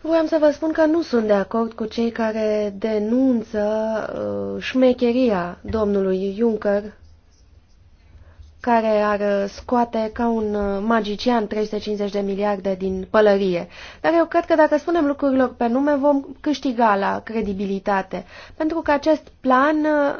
Vreau să vă spun că nu sunt de acord cu cei care denunță uh, șmecheria domnului Juncker care ar scoate ca un uh, magician 350 de miliarde din pălărie. Dar eu cred că dacă spunem lucrurilor pe nume, vom câștiga la credibilitate, pentru că acest plan uh,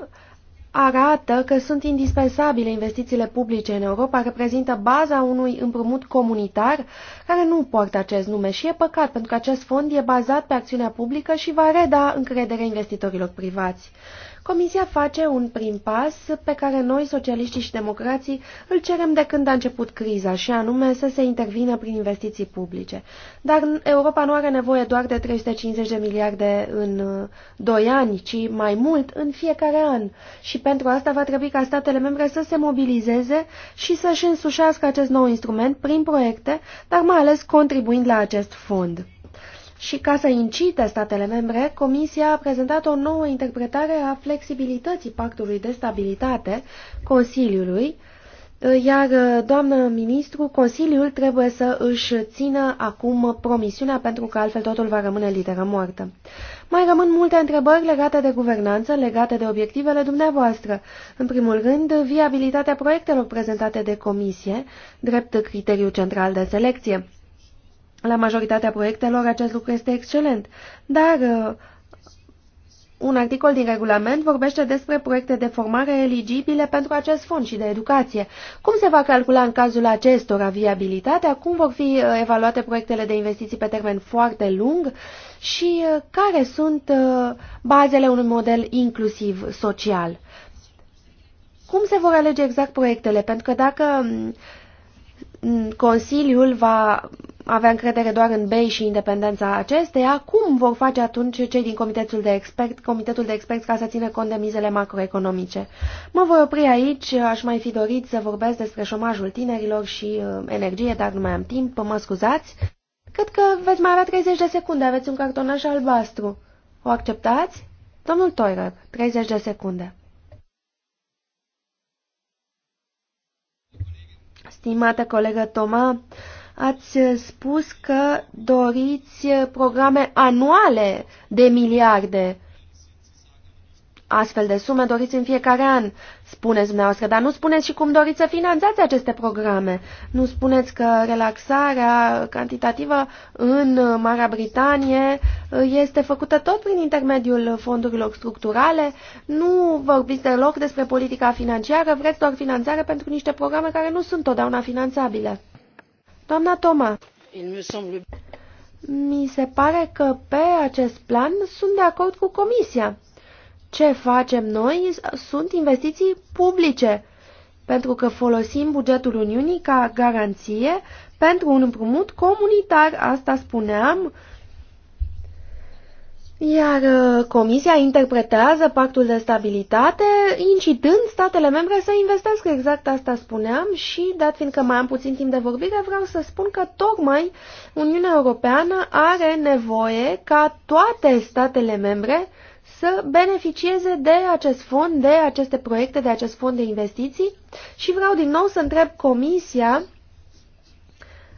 arată că sunt indispensabile investițiile publice în Europa, reprezintă baza unui împrumut comunitar care nu poartă acest nume și e păcat pentru că acest fond e bazat pe acțiunea publică și va reda încrederea investitorilor privați. Comisia face un prim pas pe care noi, socialiștii și democrații, îl cerem de când a început criza, și anume să se intervină prin investiții publice. Dar Europa nu are nevoie doar de 350 de miliarde în 2 uh, ani, ci mai mult în fiecare an. Și pentru asta va trebui ca statele membre să se mobilizeze și să-și însușească acest nou instrument prin proiecte, dar mai ales contribuind la acest fond. Și ca să incite statele membre, Comisia a prezentat o nouă interpretare a flexibilității Pactului de Stabilitate Consiliului, iar, uh, doamnă ministru, Consiliul trebuie să își țină acum promisiunea pentru că altfel totul va rămâne literă moartă. Mai rămân multe întrebări legate de guvernanță, legate de obiectivele dumneavoastră. În primul rând, viabilitatea proiectelor prezentate de comisie, drept criteriu central de selecție. La majoritatea proiectelor acest lucru este excelent, dar uh, un articol din regulament vorbește despre proiecte de formare eligibile pentru acest fond și de educație. Cum se va calcula în cazul acestora viabilitatea? Cum vor fi uh, evaluate proiectele de investiții pe termen foarte lung? Și uh, care sunt bazele unui model inclusiv social? Cum se vor alege exact proiectele? Pentru că dacă mm, mm, Consiliul va avea încredere doar în BEI și independența acesteia, cum vor face atunci cei din comitetul de expert, comitetul de experți ca să țină cont de mizele macroeconomice? Mă voi opri aici, aș mai fi dorit să vorbesc despre șomajul tinerilor și uh, energie, dar nu mai am timp, mă scuzați. Cred că veți mai avea 30 de secunde, aveți un cartonaș albastru. O acceptați? Domnul Toirer, 30 de secunde. Stimată colegă Toma, ați spus că doriți programe anuale de miliarde. Astfel de sume doriți în fiecare an, spuneți dumneavoastră, dar nu spuneți și cum doriți să finanțați aceste programe. Nu spuneți că relaxarea cantitativă în Marea Britanie este făcută tot prin intermediul fondurilor structurale. Nu vorbiți deloc despre politica financiară, vreți doar finanțare pentru niște programe care nu sunt totdeauna finanțabile. Doamna Toma, mi se pare că pe acest plan sunt de acord cu Comisia. Ce facem noi sunt investiții publice, pentru că folosim bugetul Uniunii ca garanție pentru un împrumut comunitar, asta spuneam, iar uh, Comisia interpretează pactul de stabilitate, incitând statele membre să investească, exact asta spuneam, și, dat fiindcă mai am puțin timp de vorbire, vreau să spun că tocmai Uniunea Europeană are nevoie ca toate statele membre să beneficieze de acest fond, de aceste proiecte, de acest fond de investiții și vreau din nou să întreb Comisia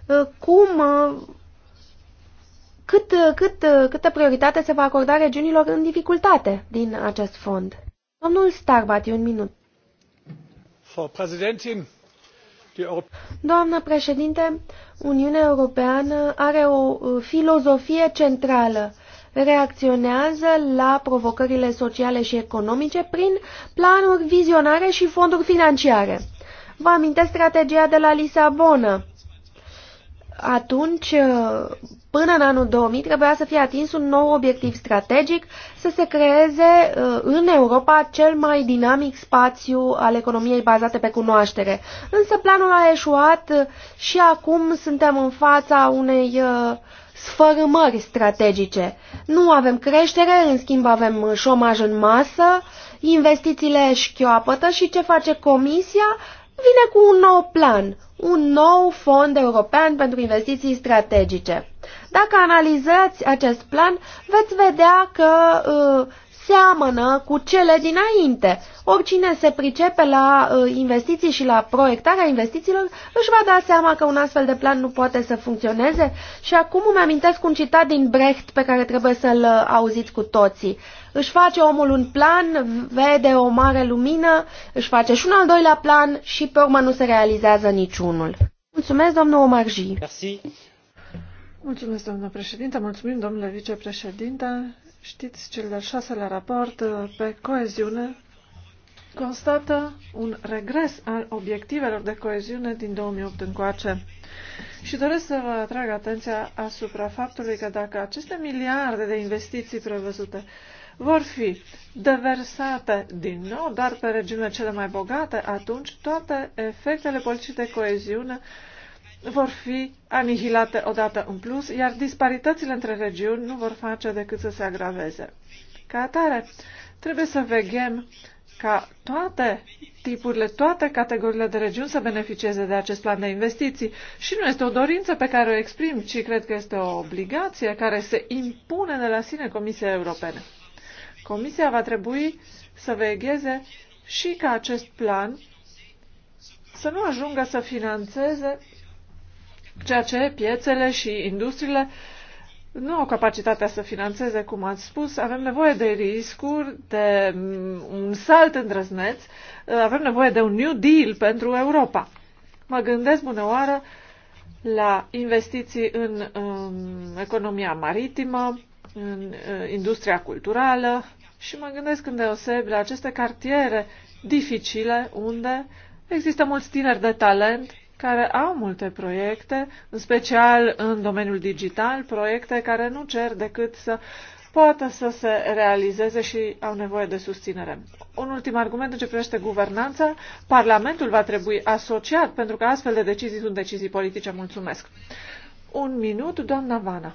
uh, cum uh, cât, cât, câtă prioritate se va acorda regiunilor în dificultate din acest fond? Domnul Starbati, un minut. Doamnă președinte, Uniunea Europeană are o uh, filozofie centrală. Reacționează la provocările sociale și economice prin planuri vizionare și fonduri financiare. Vă amintesc strategia de la Lisabona, atunci, uh, până în anul 2000, trebuia să fie atins un nou obiectiv strategic, să se creeze uh, în Europa cel mai dinamic spațiu al economiei bazate pe cunoaștere. Însă planul a eșuat uh, și acum suntem în fața unei sfărâmări strategice. Nu avem creștere, în schimb avem șomaj în masă, investițiile șchioapătă și ce face Comisia? Vine cu un nou plan, un nou fond european pentru investiții strategice. Dacă analizați acest plan, veți vedea că uh, seamănă cu cele dinainte. Oricine se pricepe la uh, investiții și la proiectarea investițiilor își va da seama că un astfel de plan nu poate să funcționeze și acum îmi amintesc un citat din Brecht pe care trebuie să-l uh, auziți cu toții. Își face omul un plan, vede o mare lumină, își face și un al doilea plan și pe urmă nu se realizează niciunul. Mulțumesc, domnul Omarji. Merci. Mulțumesc, domnule președinte, mulțumim, domnule vicepreședinte. Știți, cel de-al șaselea raport uh, pe coeziune constată un regres al obiectivelor de coeziune din 2008 încoace. Și doresc să vă atrag atenția asupra faptului că dacă aceste miliarde de investiții prevăzute vor fi deversate din nou doar pe regiunile cele mai bogate, atunci toate efectele politicii de coeziune vor fi anihilate odată în plus, iar disparitățile între regiuni nu vor face decât să se agraveze. Ca atare, trebuie să veghem ca toate tipurile, toate categoriile de regiuni să beneficieze de acest plan de investiții. Și nu este o dorință pe care o exprim, ci cred că este o obligație care se impune de la sine Comisia Europene. Comisia va trebui să vegheze și ca acest plan să nu ajungă să financeze ceea ce piețele și industriile nu au capacitatea să financeze, cum ați spus, avem nevoie de riscuri, de mm, un salt îndrăzneț, avem nevoie de un New Deal pentru Europa. Mă gândesc bunăoară la investiții în în economia maritimă, în uh, industria culturală și mă gândesc îndeosebi la aceste cartiere dificile unde există mulți tineri de talent care au multe proiecte, în special în domeniul digital, proiecte care nu cer decât să poată să se realizeze și au nevoie de susținere. Un ultim argument în ce privește guvernanța, Parlamentul va trebui asociat pentru că astfel de decizii sunt decizii politice. Mulțumesc. Un minut, doamna Vana.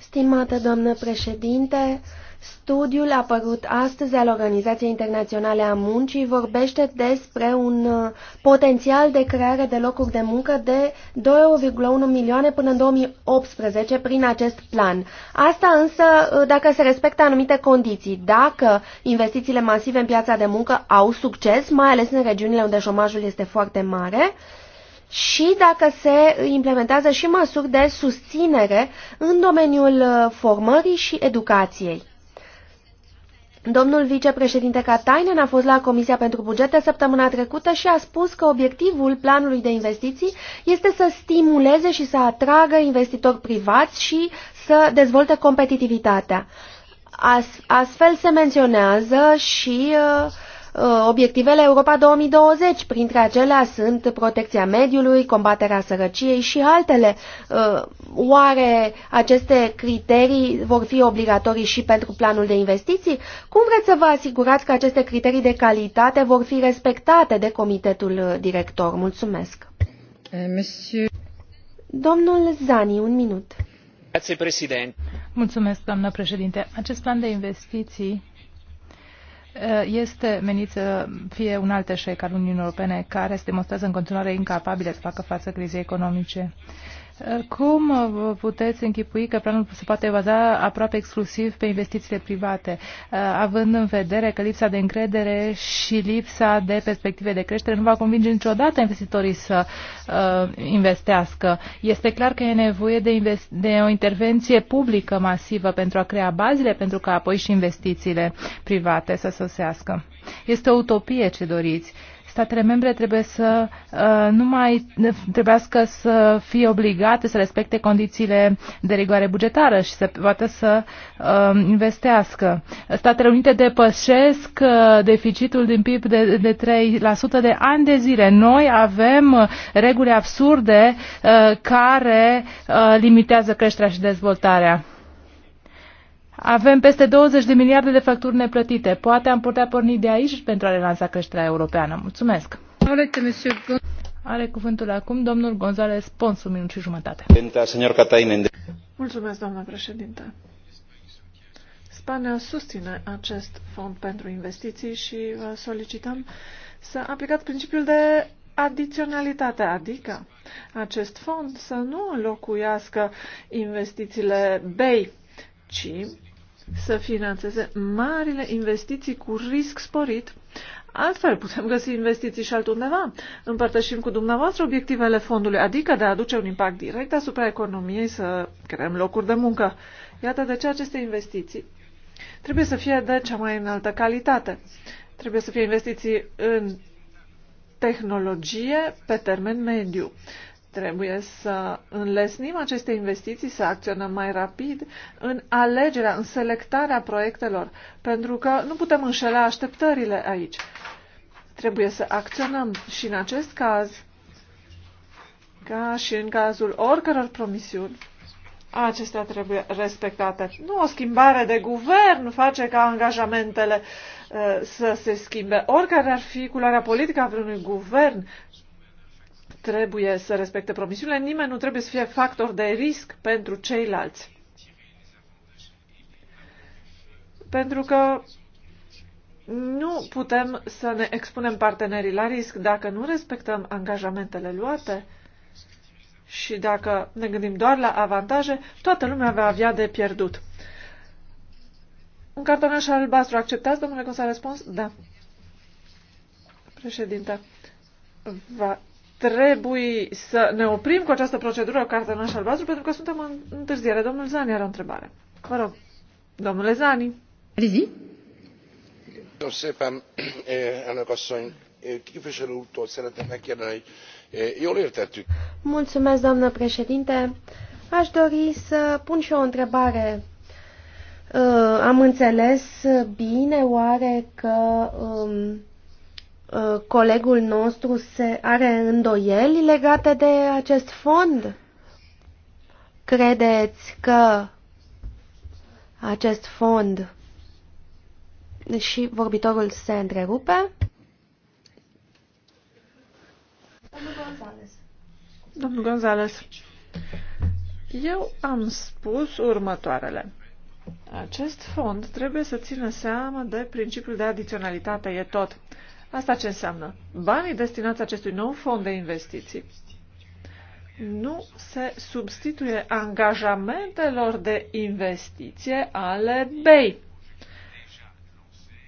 Stimată doamnă președinte, studiul apărut astăzi al Organizației Internaționale a Muncii vorbește despre un uh, potențial de creare de locuri de muncă de 2,1 milioane până în 2018 prin acest plan. Asta însă uh, dacă se respectă anumite condiții, dacă investițiile masive în piața de muncă au succes, mai ales în regiunile unde șomajul este foarte mare, și dacă se implementează și măsuri de susținere în domeniul uh, formării și educației. Domnul vicepreședinte Katainen a fost la Comisia pentru Bugete săptămâna trecută și a spus că obiectivul planului de investiții este să stimuleze și să atragă investitori privați și să dezvolte competitivitatea. Astfel se menționează și uh, Uh, obiectivele Europa 2020. Printre acelea sunt protecția mediului, combaterea sărăciei și altele. Uh, oare aceste criterii vor fi obligatorii și pentru planul de investiții? Cum vreți să vă asigurați că aceste criterii de calitate vor fi respectate de comitetul director? Mulțumesc. Eh, Domnul Zani, un minut. Mulțumesc, doamnă președinte. Acest plan de investiții Eh, este menit să fie un alt eșec al Uniunii Europene care se demonstrează în continuare incapabilă să facă față crizei economice. Cum puteți închipui că planul se poate baza aproape exclusiv pe investițiile private, uh, având în vedere că lipsa de încredere și lipsa de perspective de creștere nu va convinge niciodată investitorii să uh, investească? Este clar că e nevoie de, de o intervenție publică masivă pentru a crea bazele, pentru ca apoi și investițiile private să sosească. Este o utopie ce doriți statele membre trebuie să uh, nu mai trebuiască să fie obligate să respecte condițiile de rigoare bugetară și să poată să uh, investească. Statele Unite depășesc uh, deficitul din PIB de, de 3% de ani de zile. Noi avem reguli absurde care limitează creșterea și dezvoltarea. Avem peste 20 de miliarde de facturi neplătite. Poate am putea porni de aici pentru a relansa creșterea europeană. Mulțumesc! Are cuvântul acum domnul González Pons, un minut și jumătate. Mulțumesc, doamna președinte. Spania susține acest fond pentru investiții și vă solicităm să aplicați principiul de adiționalitate, adică acest fond să nu înlocuiască investițiile BEI, ci să financeze marile investiții cu risc sporit. Altfel, putem găsi investiții și altundeva. Împărtășim cu dumneavoastră obiectivele fondului, adică de a aduce un impact direct asupra economiei, să creăm locuri de muncă. Iată de ce aceste investiții trebuie să fie de cea mai înaltă calitate. Trebuie să fie investiții în tehnologie pe termen mediu. Trebuie să înlesnim aceste investiții, să acționăm mai rapid în alegerea, în selectarea proiectelor, pentru că nu putem înșela așteptările aici. Trebuie să acționăm și în acest caz, ca și în cazul oricăror promisiuni, acestea trebuie respectate. Nu o schimbare de guvern face ca angajamentele uh, să se schimbe. Oricare ar fi culoarea politică a vreunui guvern, trebuie să respecte promisiunile, nimeni nu trebuie să fie factor de risc pentru ceilalți. Pentru că nu putem să ne expunem partenerii la risc dacă nu respectăm angajamentele luate și dacă ne gândim doar la avantaje, toată lumea va avea de pierdut. Un cartonaș albastru acceptați, domnule s-a răspuns, Da. Președinte, va trebuie să ne oprim cu această procedură cartonaș albastru pentru că suntem în întârziere. Domnul Zani are o întrebare. Vă rog. Domnule Zani. Rizi? Köszönöm szépen, eh, elnök eh, eh, Mulțumesc, doamnă președinte. Aș dori să pun și o întrebare. Am înțeles bine oare că um, Uh, colegul nostru se are îndoieli legate de acest fond? Credeți că acest fond și vorbitorul se întrerupe? Domnul Gonzales. Gonzales, eu am spus următoarele. Acest fond trebuie să țină seama de principiul de adiționalitate, e tot. Asta ce înseamnă? Banii destinați acestui nou fond de investiții nu se substituie angajamentelor de investiție ale BEI.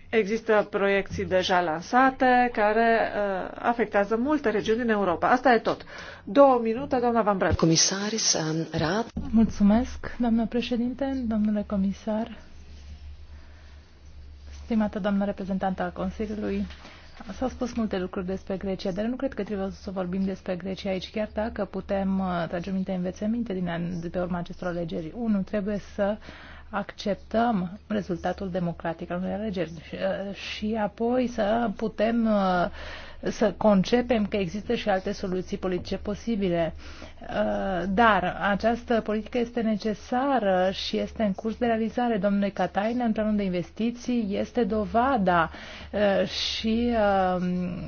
Există proiecții deja lansate care uh, afectează multe regiuni din Europa. Asta e tot. Două minute, doamna Van Brem. Comisaris, um, rad. Mulțumesc, doamna președinte, domnule comisar, stimată doamnă reprezentantă al Consiliului. S-au spus multe lucruri despre Grecia, dar nu cred că trebuie să vorbim despre Grecia aici, chiar dacă putem uh, trage minte învețăminte din, de pe urma acestor alegeri. Unu, trebuie să acceptăm rezultatul democratic al unei alegeri și uh, apoi să putem uh, să concepem că există și alte soluții politice posibile. Uh, dar această politică este necesară și este în curs de realizare. Domnule Cataina, în planul de investiții, este dovada și,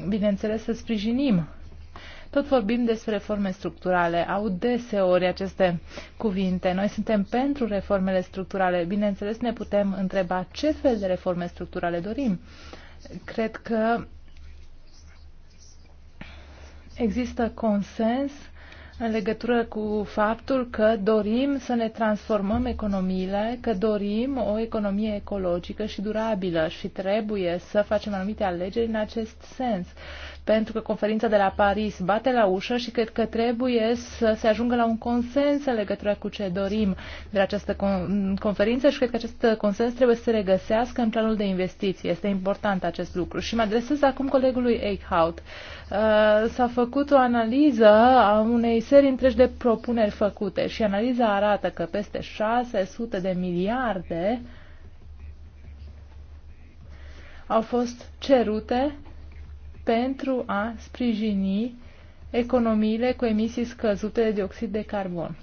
bineînțeles, să sprijinim tot vorbim despre reforme structurale. Au deseori aceste cuvinte. Noi suntem pentru reformele structurale. Bineînțeles, ne putem întreba ce fel de reforme structurale dorim. Cred că există consens în legătură cu faptul că dorim să ne transformăm economiile, că dorim o economie ecologică și durabilă și trebuie să facem anumite alegeri în acest sens. Pentru că conferința de la Paris bate la ușă și cred că trebuie să se ajungă la un consens în legătură cu ce dorim de la această conferință și cred că acest consens trebuie să se regăsească în planul de investiții. Este important acest lucru. Și mă adresez acum colegului Eichhout. Uh, s-a făcut o analiză a unei țări întregi de propuneri făcute și analiza arată că peste 600 de miliarde au fost cerute pentru a sprijini economiile cu emisii scăzute de dioxid de carbon.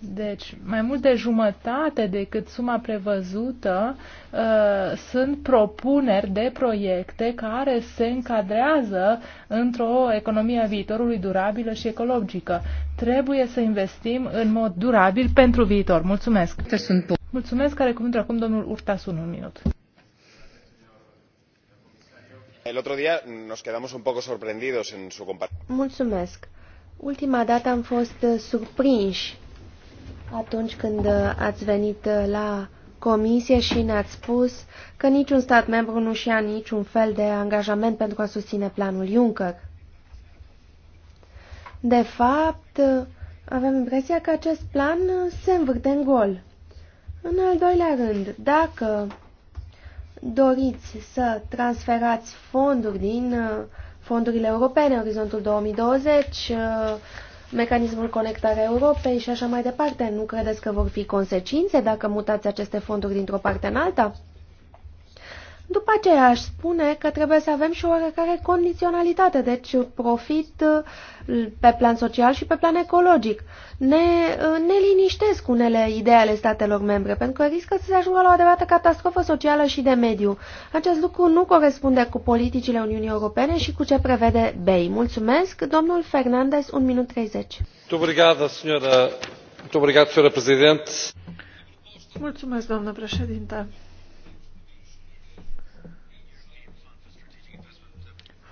Deci, mai mult de jumătate decât suma prevăzută uh, sunt propuneri de proiecte care se încadrează într-o economie a viitorului durabilă și ecologică. Trebuie să investim în mod durabil pentru viitor. Mulțumesc! Mulțumesc, care cuvântul acum domnul Urtasun, un minut. El otro día nos quedamos un poco sorprendidos en su Mulțumesc. Ultima dată am fost uh, surprinși atunci când uh, ați venit uh, la comisie și ne-ați spus că niciun stat membru nu și-a niciun fel de angajament pentru a susține planul Juncker. De fapt, uh, avem impresia că acest plan se învârte în gol. În al doilea rând, dacă doriți să transferați fonduri din fondurile europene, Orizontul 2020, mecanismul conectare Europei și așa mai departe. Nu credeți că vor fi consecințe dacă mutați aceste fonduri dintr-o parte în alta? După aceea aș spune că trebuie să avem și o oarecare condiționalitate, deci profit uh, pe plan social și pe plan ecologic. Ne, uh, ne liniștesc unele idei ale statelor membre, pentru că riscă să se ajungă la o adevărată catastrofă socială și de mediu. Acest lucru nu corespunde cu politicile Uniunii Europene și cu ce prevede BEI. Mulțumesc, domnul Fernandez, 1 minut 30. Mulțumesc, doamnă președinte.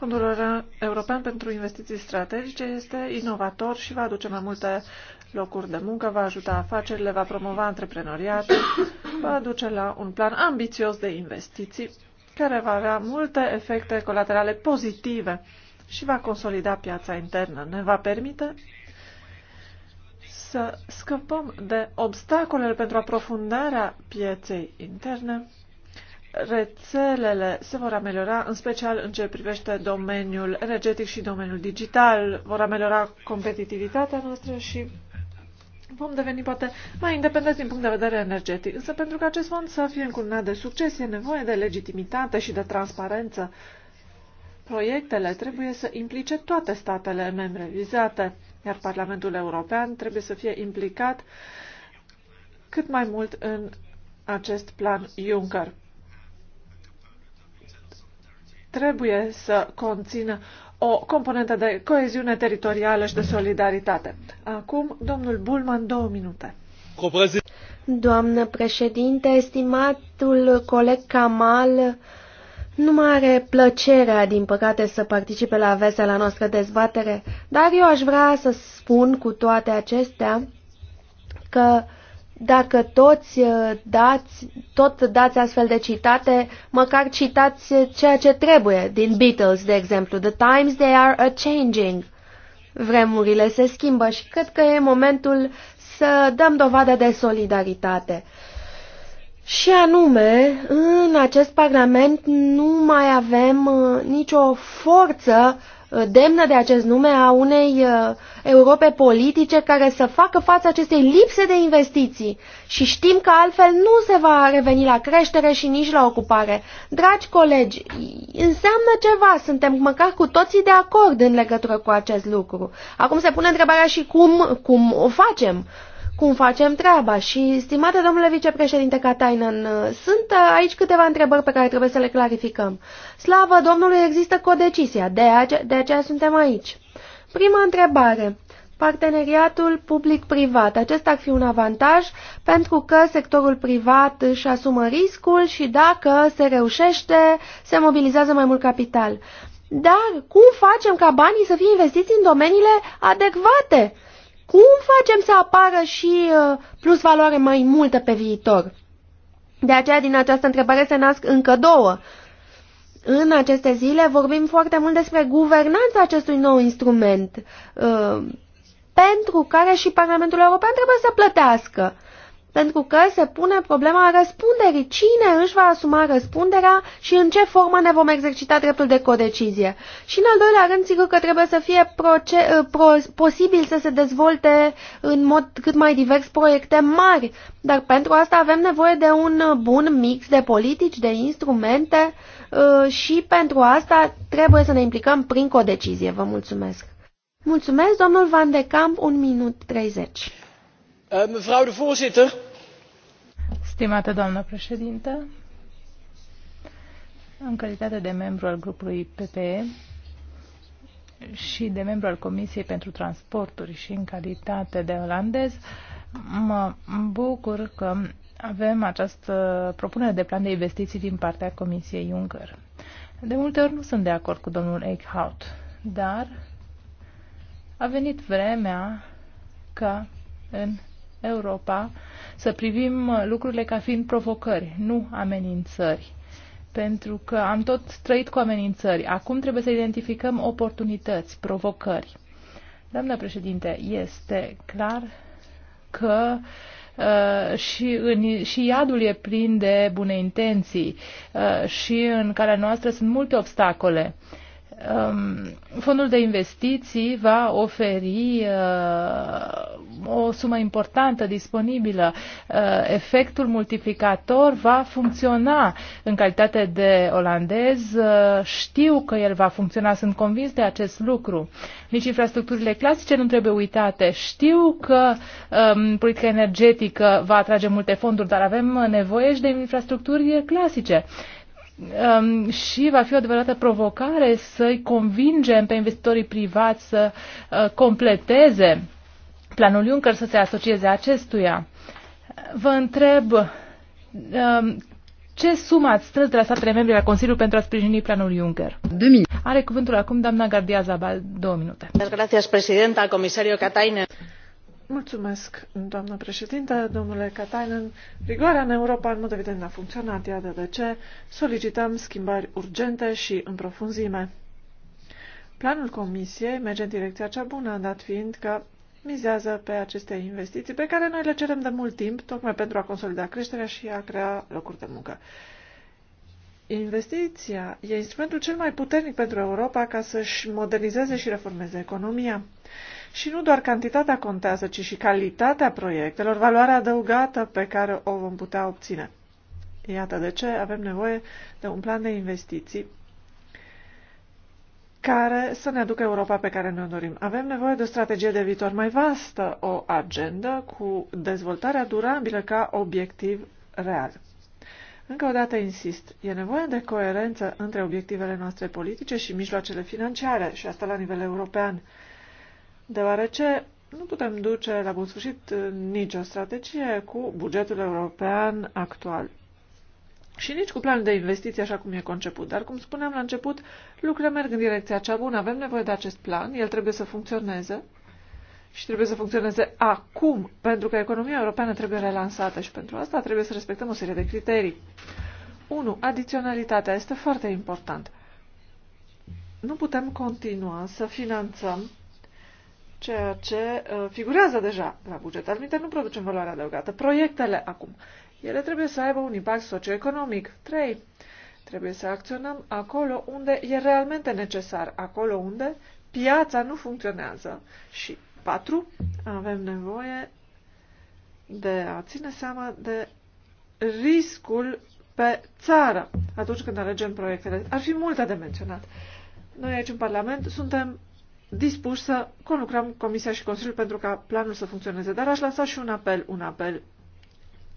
Fondul European pentru Investiții Strategice este inovator și va aduce mai multe locuri de muncă, va ajuta afacerile, va promova antreprenoriatul, va aduce la un plan ambițios de investiții care va avea multe efecte colaterale pozitive și va consolida piața internă. Ne va permite să scăpăm de obstacolele pentru aprofundarea pieței interne rețelele se vor ameliora, în special în ce privește domeniul energetic și domeniul digital, vor ameliora competitivitatea noastră și vom deveni poate mai independenți din punct de vedere energetic. Însă pentru că acest fond să fie încurnat de succes, e nevoie de legitimitate și de transparență. Proiectele trebuie să implice toate statele membre vizate, iar Parlamentul European trebuie să fie implicat cât mai mult în acest plan Juncker trebuie să conțină o componentă de coeziune teritorială și de solidaritate. Acum, domnul Bulman, două minute. Doamnă președinte, estimatul coleg Kamal nu mai are plăcerea, din păcate, să participe la la noastră dezbatere, dar eu aș vrea să spun cu toate acestea că dacă toți uh, dați, tot dați astfel de citate, măcar citați uh, ceea ce trebuie, din Beatles, de exemplu. The times they are a-changing. Vremurile se schimbă și cred că e momentul să dăm dovadă de solidaritate. Și anume, în acest Parlament nu mai avem uh, nicio forță demnă de acest nume a unei uh, Europe politice care să facă față acestei lipse de investiții. Și știm că altfel nu se va reveni la creștere și nici la ocupare. Dragi colegi, înseamnă ceva, suntem măcar cu toții de acord în legătură cu acest lucru. Acum se pune întrebarea și cum, cum o facem. Uh, cum facem treaba. Și, stimate domnule vicepreședinte Katainen, sunt aici câteva întrebări pe care trebuie să le clarificăm. Slavă Domnului, există codecisia, de ace de aceea suntem aici. Prima întrebare. Parteneriatul public-privat. Acesta ar fi un avantaj pentru că sectorul privat își asumă riscul și dacă se reușește, se mobilizează mai mult capital. Dar cum facem ca banii să fie investiți în domeniile adecvate? Cum facem să apară și uh, plus valoare mai multă pe viitor? De aceea din această întrebare se nasc încă două. În aceste zile vorbim foarte mult despre guvernanța acestui nou instrument, uh, pentru care și Parlamentul European trebuie să plătească pentru că se pune problema răspunderii. Cine își va asuma răspunderea și în ce formă ne vom exercita dreptul de codecizie? Și în al doilea rând, sigur că trebuie să fie proce ă, pro posibil să se dezvolte în mod cât mai divers proiecte mari, dar pentru asta avem nevoie de un bun mix de politici, de instrumente ă, și pentru asta trebuie să ne implicăm prin codecizie. Vă mulțumesc! Mulțumesc, domnul Van de Camp, un minut 30. Eh, mevrouw de voorzitter, Stimată doamnă președintă, în calitate de membru al grupului PPE și de membru al Comisiei pentru Transporturi și în calitate de olandez, mă bucur că avem această propunere de plan de investiții din partea Comisiei Juncker. De multe ori nu sunt de acord cu domnul Eichhout, dar a venit vremea ca în Europa să privim lucrurile ca fiind provocări, nu amenințări. Pentru că am tot trăit cu amenințări. Acum trebuie să identificăm oportunități, provocări. Doamna președinte, este clar că Uh, și, în, și iadul e plin de bune intenții uh, și în calea noastră sunt multe obstacole. Uh, Um, fondul de investiții va oferi uh, o sumă importantă disponibilă. Uh, efectul multiplicator va funcționa în calitate de olandez. Uh, știu că el va funcționa, sunt convins de acest lucru. Nici infrastructurile clasice nu trebuie uitate. Știu că um, politica energetică va atrage multe fonduri, dar avem nevoie și de infrastructuri clasice um, și va fi o adevărată provocare să-i convingem pe investitorii privați să uh, completeze planul Juncker, să se asocieze acestuia. Vă întreb um, ce sumă ați strâns de la statele membre la Consiliu pentru a sprijini planul Juncker? Are cuvântul acum doamna Gardia Zabal, două minute. Gracias, presidenta, comisario Katainen. Mulțumesc, doamnă președinte, domnule Katainen. Rigoarea în Europa, în mod evident, a funcționat, iată de ce solicităm schimbări urgente și în profunzime. Planul Comisiei merge în direcția cea bună, dat fiind că mizează pe aceste investiții pe care noi le cerem de mult timp, tocmai pentru a consolida creșterea și a crea locuri de muncă. Investiția e instrumentul cel mai puternic pentru Europa ca să-și modernizeze și reformeze economia. Și nu doar cantitatea contează, ci și calitatea proiectelor, valoarea adăugată pe care o vom putea obține. Iată de ce avem nevoie de un plan de investiții care să ne aducă Europa pe care ne-o dorim. Avem nevoie de o strategie de viitor mai vastă, o agendă cu dezvoltarea durabilă ca obiectiv real. Încă o dată insist, e nevoie de coerență între obiectivele noastre politice și mijloacele financiare, și asta la nivel european deoarece nu putem duce la bun sfârșit uh, nicio strategie cu bugetul european actual și nici cu planul de investiții așa cum e conceput. Dar, cum spuneam la început, lucrurile merg în direcția cea bună. Avem nevoie de acest plan, el trebuie să funcționeze și trebuie să funcționeze acum, pentru că economia europeană trebuie relansată și pentru asta trebuie să respectăm o serie de criterii. 1. Adiționalitatea este foarte important. Nu putem continua să finanțăm ceea ce uh, figurează deja la buget. Alminte, nu producem valoare adăugată. Proiectele acum. Ele trebuie să aibă un impact socioeconomic. 3. Trebuie să acționăm acolo unde e realmente necesar, acolo unde piața nu funcționează. Și 4. Avem nevoie de a ține seama de riscul pe țară atunci când alegem proiectele. Ar fi multe de menționat. Noi aici în Parlament suntem dispuși să conlucrăm Comisia și Consiliul pentru ca planul să funcționeze. Dar aș lansa și un apel, un apel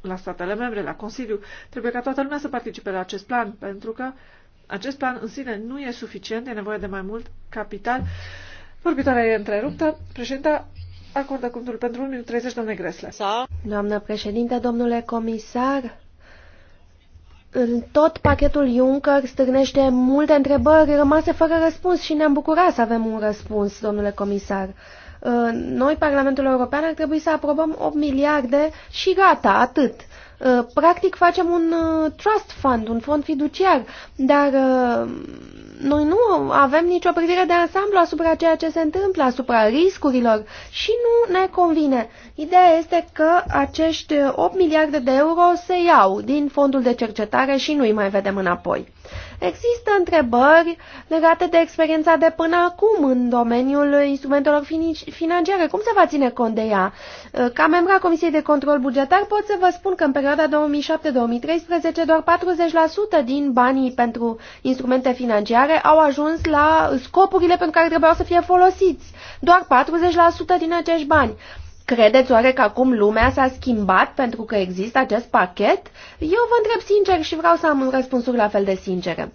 la statele membre, la Consiliu. Trebuie ca toată lumea să participe la acest plan, pentru că acest plan în sine nu e suficient, e nevoie de mai mult capital. Vorbitoarea e întreruptă. Președinta acordă cuvântul pentru 1 minut 30, domnule Gresle. Doamnă președinte, domnule comisar, în tot pachetul Juncker stârnește multe întrebări rămase fără răspuns și ne-am bucurat să avem un răspuns, domnule comisar. Uh, noi, Parlamentul European, ar trebui să aprobăm 8 miliarde și gata, atât. Uh, practic facem un uh, trust fund, un fond fiduciar, dar noi nu avem nicio privire de ansamblu asupra ceea ce se întâmplă, asupra riscurilor și nu ne convine. Ideea este că acești 8 miliarde de euro se iau din fondul de cercetare și nu-i mai vedem înapoi. Există întrebări legate de experiența de până acum în domeniul instrumentelor financiare. Cum se va ține cont de ea? Ca membra Comisiei de Control Bugetar pot să vă spun că în perioada 2007-2013 doar 40% din banii pentru instrumente financiare au ajuns la scopurile pentru care trebuiau să fie folosiți. Doar 40% din acești bani. Credeți oare că acum lumea s-a schimbat pentru că există acest pachet? Eu vă întreb sincer și vreau să am răspunsuri la fel de sincere.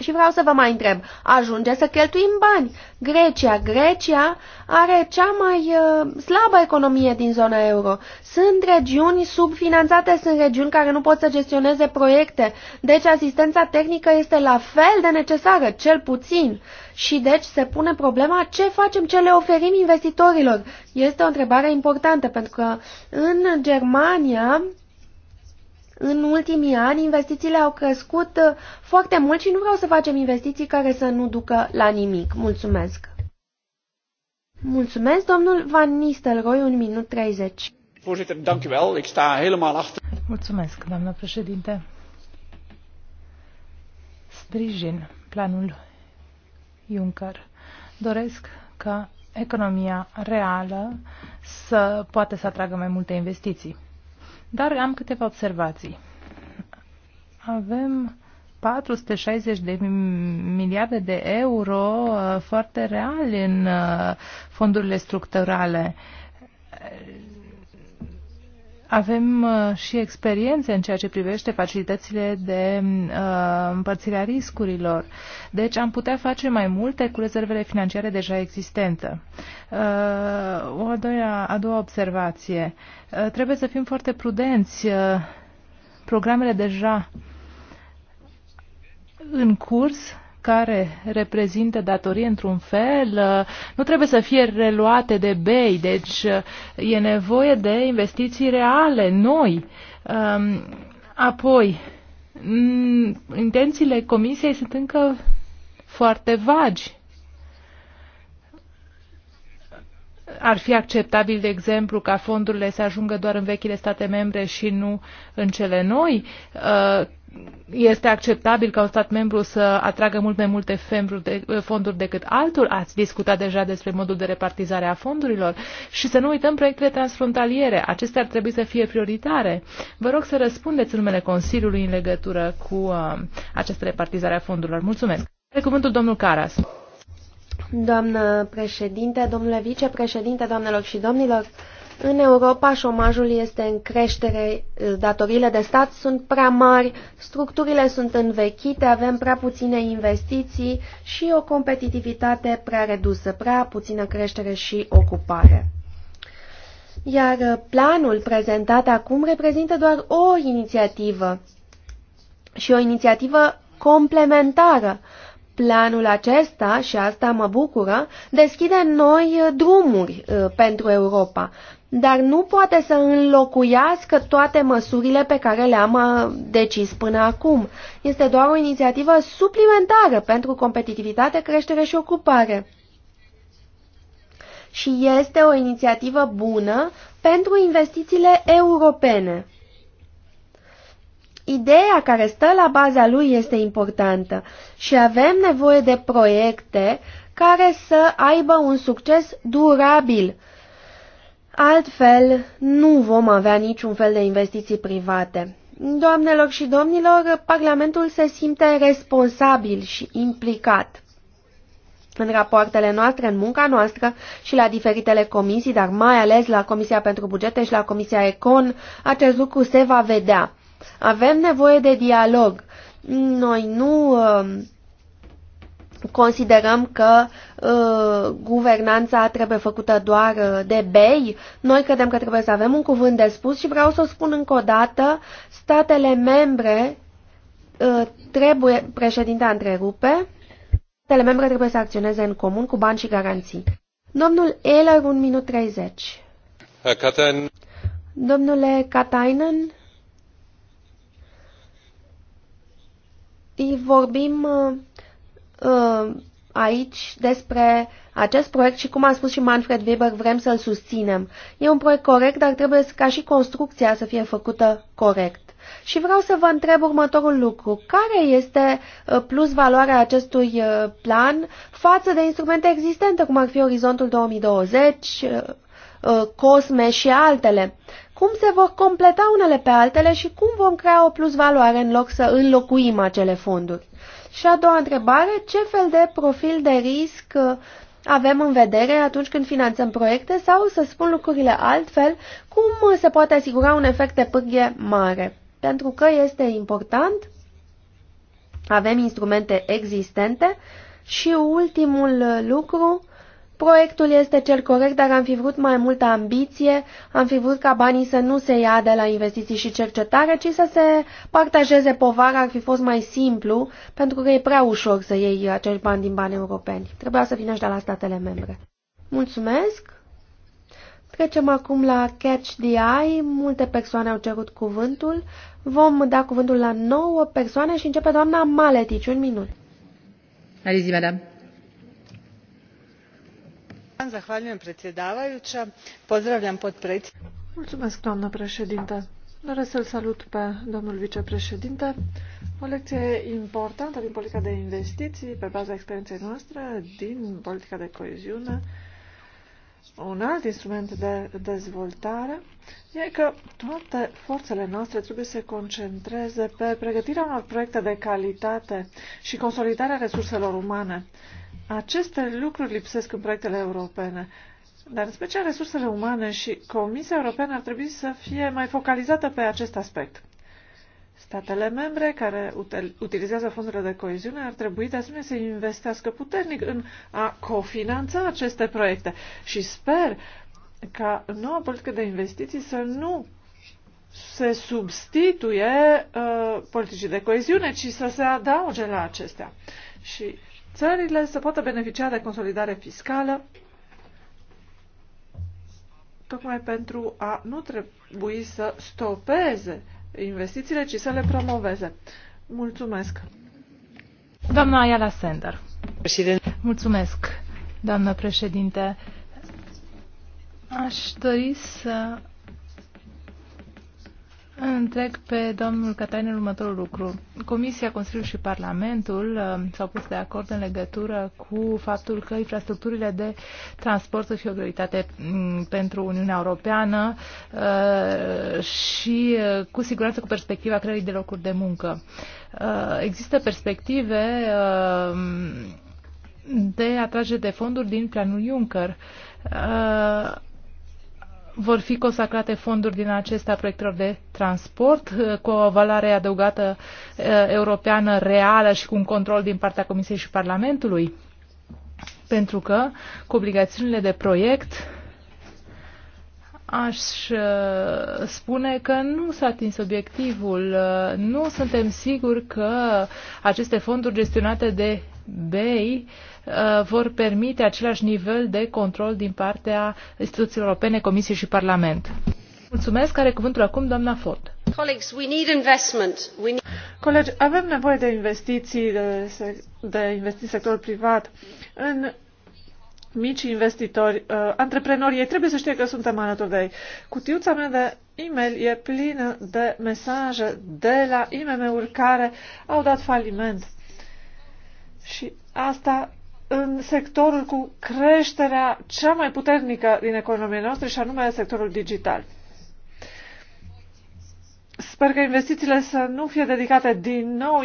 Și vreau să vă mai întreb, ajunge să cheltuim bani? Grecia, Grecia are cea mai uh, slabă economie din zona euro. Sunt regiuni subfinanțate, sunt regiuni care nu pot să gestioneze proiecte, deci asistența tehnică este la fel de necesară, cel puțin. Și deci se pune problema ce facem, ce le oferim investitorilor. Este o întrebare importantă, pentru că în Germania în ultimii ani, investițiile au crescut uh, foarte mult și nu vreau să facem investiții care să nu ducă la nimic. Mulțumesc! Mulțumesc, domnul Van Nistelrooy, un minut 30. Mulțumesc, doamnă președinte. Sprijin planul Juncker. Doresc ca economia reală să poată să atragă mai multe investiții. Dar am câteva observații. Avem 460 de miliarde de euro uh, foarte reali în uh, fondurile structurale avem uh, și experiențe în ceea ce privește facilitățile de uh, împărțire a riscurilor. Deci am putea face mai multe cu rezervele financiare deja existente. Uh, o a doua, a doua observație. Trebuie să fim foarte prudenți. Programele deja în curs care reprezintă datorie într-un fel uh, nu trebuie să fie reluate de bei, deci uh, e nevoie de investiții reale, noi. Um, apoi, mm, intențiile comisiei sunt încă foarte vagi. ar fi acceptabil, de exemplu, ca fondurile să ajungă doar în vechile state membre și nu în cele noi? Uh, este acceptabil ca un stat membru să atragă mult mai multe uh, fonduri decât altul? Ați discutat deja despre modul de repartizare a fondurilor? Și să nu uităm proiectele transfrontaliere. Acestea ar trebui să fie prioritare. Vă rog să răspundeți numele Consiliului în legătură cu uh, această repartizare a fondurilor. Mulțumesc. Are cuvântul domnul Caras. Doamnă președinte, domnule vicepreședinte, doamnelor și domnilor, în Europa șomajul este în creștere, datoriile de stat sunt prea mari, structurile sunt învechite, avem prea puține investiții și o competitivitate prea redusă, prea puțină creștere și ocupare. Iar planul prezentat acum reprezintă doar o inițiativă și o inițiativă complementară Planul acesta, și asta mă bucură, deschide noi uh, drumuri uh, pentru Europa, dar nu poate să înlocuiască toate măsurile pe care le-am uh, decis până acum. Este doar o inițiativă suplimentară pentru competitivitate, creștere și ocupare. Și este o inițiativă bună pentru investițiile europene. Ideea care stă la baza lui este importantă și avem nevoie de proiecte care să aibă un succes durabil. Altfel, nu vom avea niciun fel de investiții private. Doamnelor și domnilor, Parlamentul se simte responsabil și implicat. În rapoartele noastre, în munca noastră și la diferitele comisii, dar mai ales la Comisia pentru Bugete și la Comisia Econ, acest lucru se va vedea. Avem nevoie de dialog. Noi nu um, considerăm că uh, guvernanța trebuie făcută doar uh, de bei. Noi credem că trebuie să avem un cuvânt de spus și vreau să o spun încă o dată, statele membre uh, trebuie, președinte întrerupe, statele membre trebuie să acționeze în comun cu bani și garanții. Domnul Eller, un minut 30. Domnule Katainen, vorbim uh, aici despre acest proiect și, cum a spus și Manfred Weber, vrem să-l susținem. E un proiect corect, dar trebuie ca și construcția să fie făcută corect. Și vreau să vă întreb următorul lucru. Care este uh, plus valoarea acestui uh, plan față de instrumente existente, cum ar fi Orizontul 2020, Uh, COSME și altele. Cum se vor completa unele pe altele și cum vom crea o plusvaloare în loc să înlocuim acele fonduri? Și a doua întrebare, ce fel de profil de risc uh, avem în vedere atunci când finanțăm proiecte sau, să spun lucrurile altfel, cum uh, se poate asigura un efect de pârghie mare? Pentru că este important, avem instrumente existente și ultimul lucru, Proiectul este cel corect, dar am fi vrut mai multă ambiție, am fi vrut ca banii să nu se ia de la investiții și cercetare, ci să se partajeze povara, ar fi fost mai simplu, pentru că e prea ușor să iei acești bani din bani europeni. Trebuia să vină și de la statele membre. Mulțumesc! Trecem acum la Catch the Eye. Multe persoane au cerut cuvântul. Vom da cuvântul la nouă persoane și începe doamna Maletici. Un minut. Alizi, madame. Mulțumesc, doamnă președinte. Doresc să-l salut pe domnul vicepreședinte. O lecție importantă din politica de investiții, pe baza experienței noastre, din politica de coeziune, un alt instrument de dezvoltare e că toate forțele noastre trebuie să se concentreze pe pregătirea unor proiecte de calitate și consolidarea resurselor umane. Aceste lucruri lipsesc în proiectele europene, dar în special resursele umane și Comisia Europeană ar trebui să fie mai focalizată pe acest aspect. Statele membre care utilizează fondurile de coeziune ar trebui de asemenea să investească puternic în a cofinanța aceste proiecte și sper ca noua politică de investiții să nu se substituie uh, politicii de coeziune, ci să se adauge la acestea. Și țările să poată beneficia de consolidare fiscală tocmai pentru a nu trebui să stopeze investițiile, ci să le promoveze. Mulțumesc. Doamna Ayala Sender. Președinte. Mulțumesc, doamnă președinte. Aș dori să Întreg pe domnul în următorul lucru. Comisia, Consiliul și Parlamentul uh, s-au pus de acord în legătură cu faptul că infrastructurile de transport să fie o prioritate mm, pentru Uniunea Europeană uh, și uh, cu siguranță cu perspectiva creării de locuri de muncă. Uh, există perspective uh, de atrage de fonduri din planul Juncker. Uh, vor fi consacrate fonduri din acestea proiectelor de transport uh, cu o valoare adăugată uh, europeană reală și cu un control din partea Comisiei și Parlamentului? Pentru că cu obligațiunile de proiect aș uh, spune că nu s-a atins obiectivul. Uh, nu suntem siguri că aceste fonduri gestionate de BEI uh, vor permite același nivel de control din partea instituțiilor europene, Comisie și Parlament. Mulțumesc. Are cuvântul acum doamna Ford. Colegi, avem nevoie de investiții, de, de investiții sectorul privat în mici investitori, uh, antreprenori, ei trebuie să știe că suntem alături de ei. Cutiuța mea de e-mail e plină de mesaje de la IMM-uri care au dat faliment. Și asta în sectorul cu creșterea cea mai puternică din economia noastră și anume sectorul digital. Sper că investițiile să nu fie dedicate din nou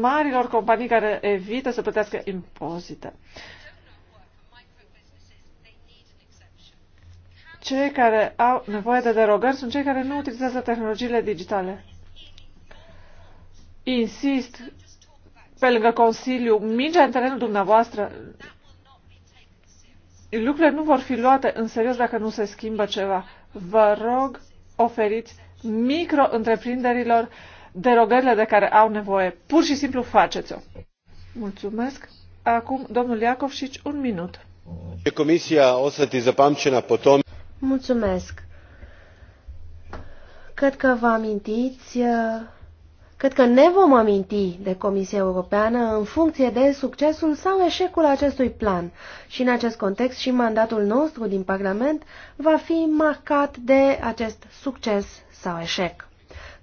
marilor companii care evită să plătească impozite. Uh, Cei care au nevoie de derogări sunt cei care nu utilizează tehnologiile digitale. Insist, pe lângă Consiliu, mingea în terenul dumneavoastră, lucrurile nu vor fi luate în serios dacă nu se schimbă ceva. Vă rog, oferiți micro-întreprinderilor derogările de care au nevoie. Pur și simplu faceți-o. Mulțumesc. Acum, domnul Iacov și un minut. Comisia o să ti zapamćena po potom. Mulțumesc. Cred că vă amintiți, uh, cred că ne vom aminti de Comisia Europeană în funcție de succesul sau eșecul acestui plan. Și în acest context și mandatul nostru din Parlament va fi marcat de acest succes sau eșec.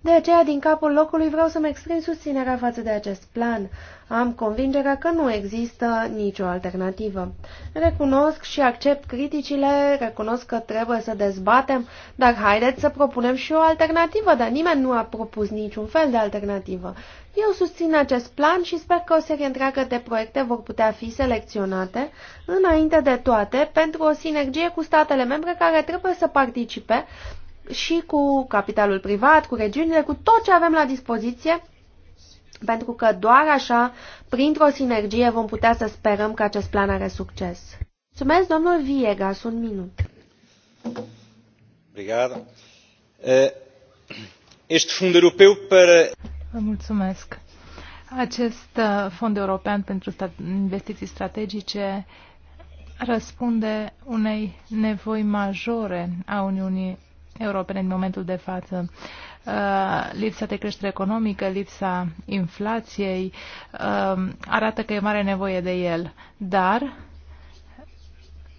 De aceea, din capul locului, vreau să-mi exprim susținerea față de acest plan. Am convingerea că nu există nicio alternativă. Recunosc și accept criticile, recunosc că trebuie să dezbatem, dar haideți să propunem și o alternativă, dar nimeni nu a propus niciun fel de alternativă. Eu susțin acest plan și sper că o serie întreagă de proiecte vor putea fi selecționate, înainte de toate, pentru o sinergie cu statele membre care trebuie să participe și cu capitalul privat, cu regiunile, cu tot ce avem la dispoziție, pentru că doar așa, printr-o sinergie, vom putea să sperăm că acest plan are succes. Mulțumesc, domnul Viegas, un minut. Obrigado. Eh, este fund europeu para... Vă mulțumesc. Acest uh, fond european pentru investiții strategice răspunde unei nevoi majore a Uniunii europene în momentul de față. Uh, lipsa de creștere economică, lipsa inflației uh, arată că e mare nevoie de el, dar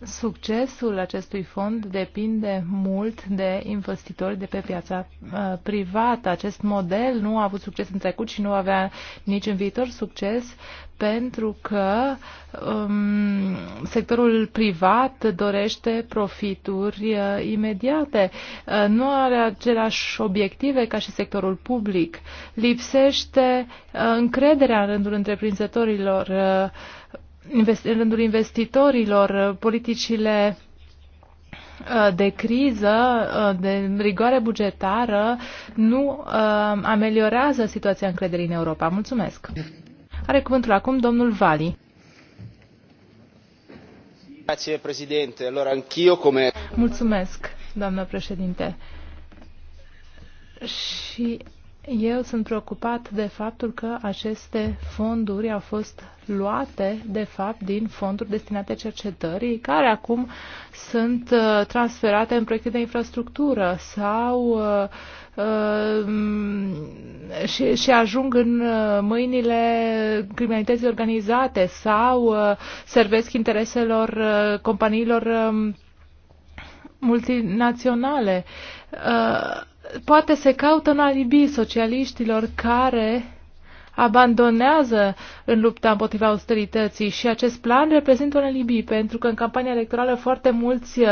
Succesul acestui fond depinde mult de investitori de pe piața uh, privată. Acest model nu a avut succes în trecut și nu avea nici în viitor succes pentru că um, sectorul privat dorește profituri uh, imediate. Uh, nu are aceleași obiective ca și sectorul public. Lipsește uh, încrederea în rândul întreprinzătorilor. Uh, în rândul investitorilor, uh, politicile uh, de criză, uh, de rigoare bugetară, nu ameliorează situația încrederii în Europa. Mulțumesc. Are cuvântul acum domnul Vali. Mulțumesc, doamnă președinte. Și eu sunt preocupat de faptul că aceste fonduri au fost luate, de fapt, din fonduri destinate cercetării, care acum sunt uh, transferate în proiecte de infrastructură sau uh, uh, și, și ajung în mâinile criminalității organizate sau servesc intereselor companiilor um, multinaționale. Uh, poate se caută în alibi socialiștilor care abandonează în lupta împotriva austerității și acest plan reprezintă un alibi, pentru că în campania electorală foarte mulți uh,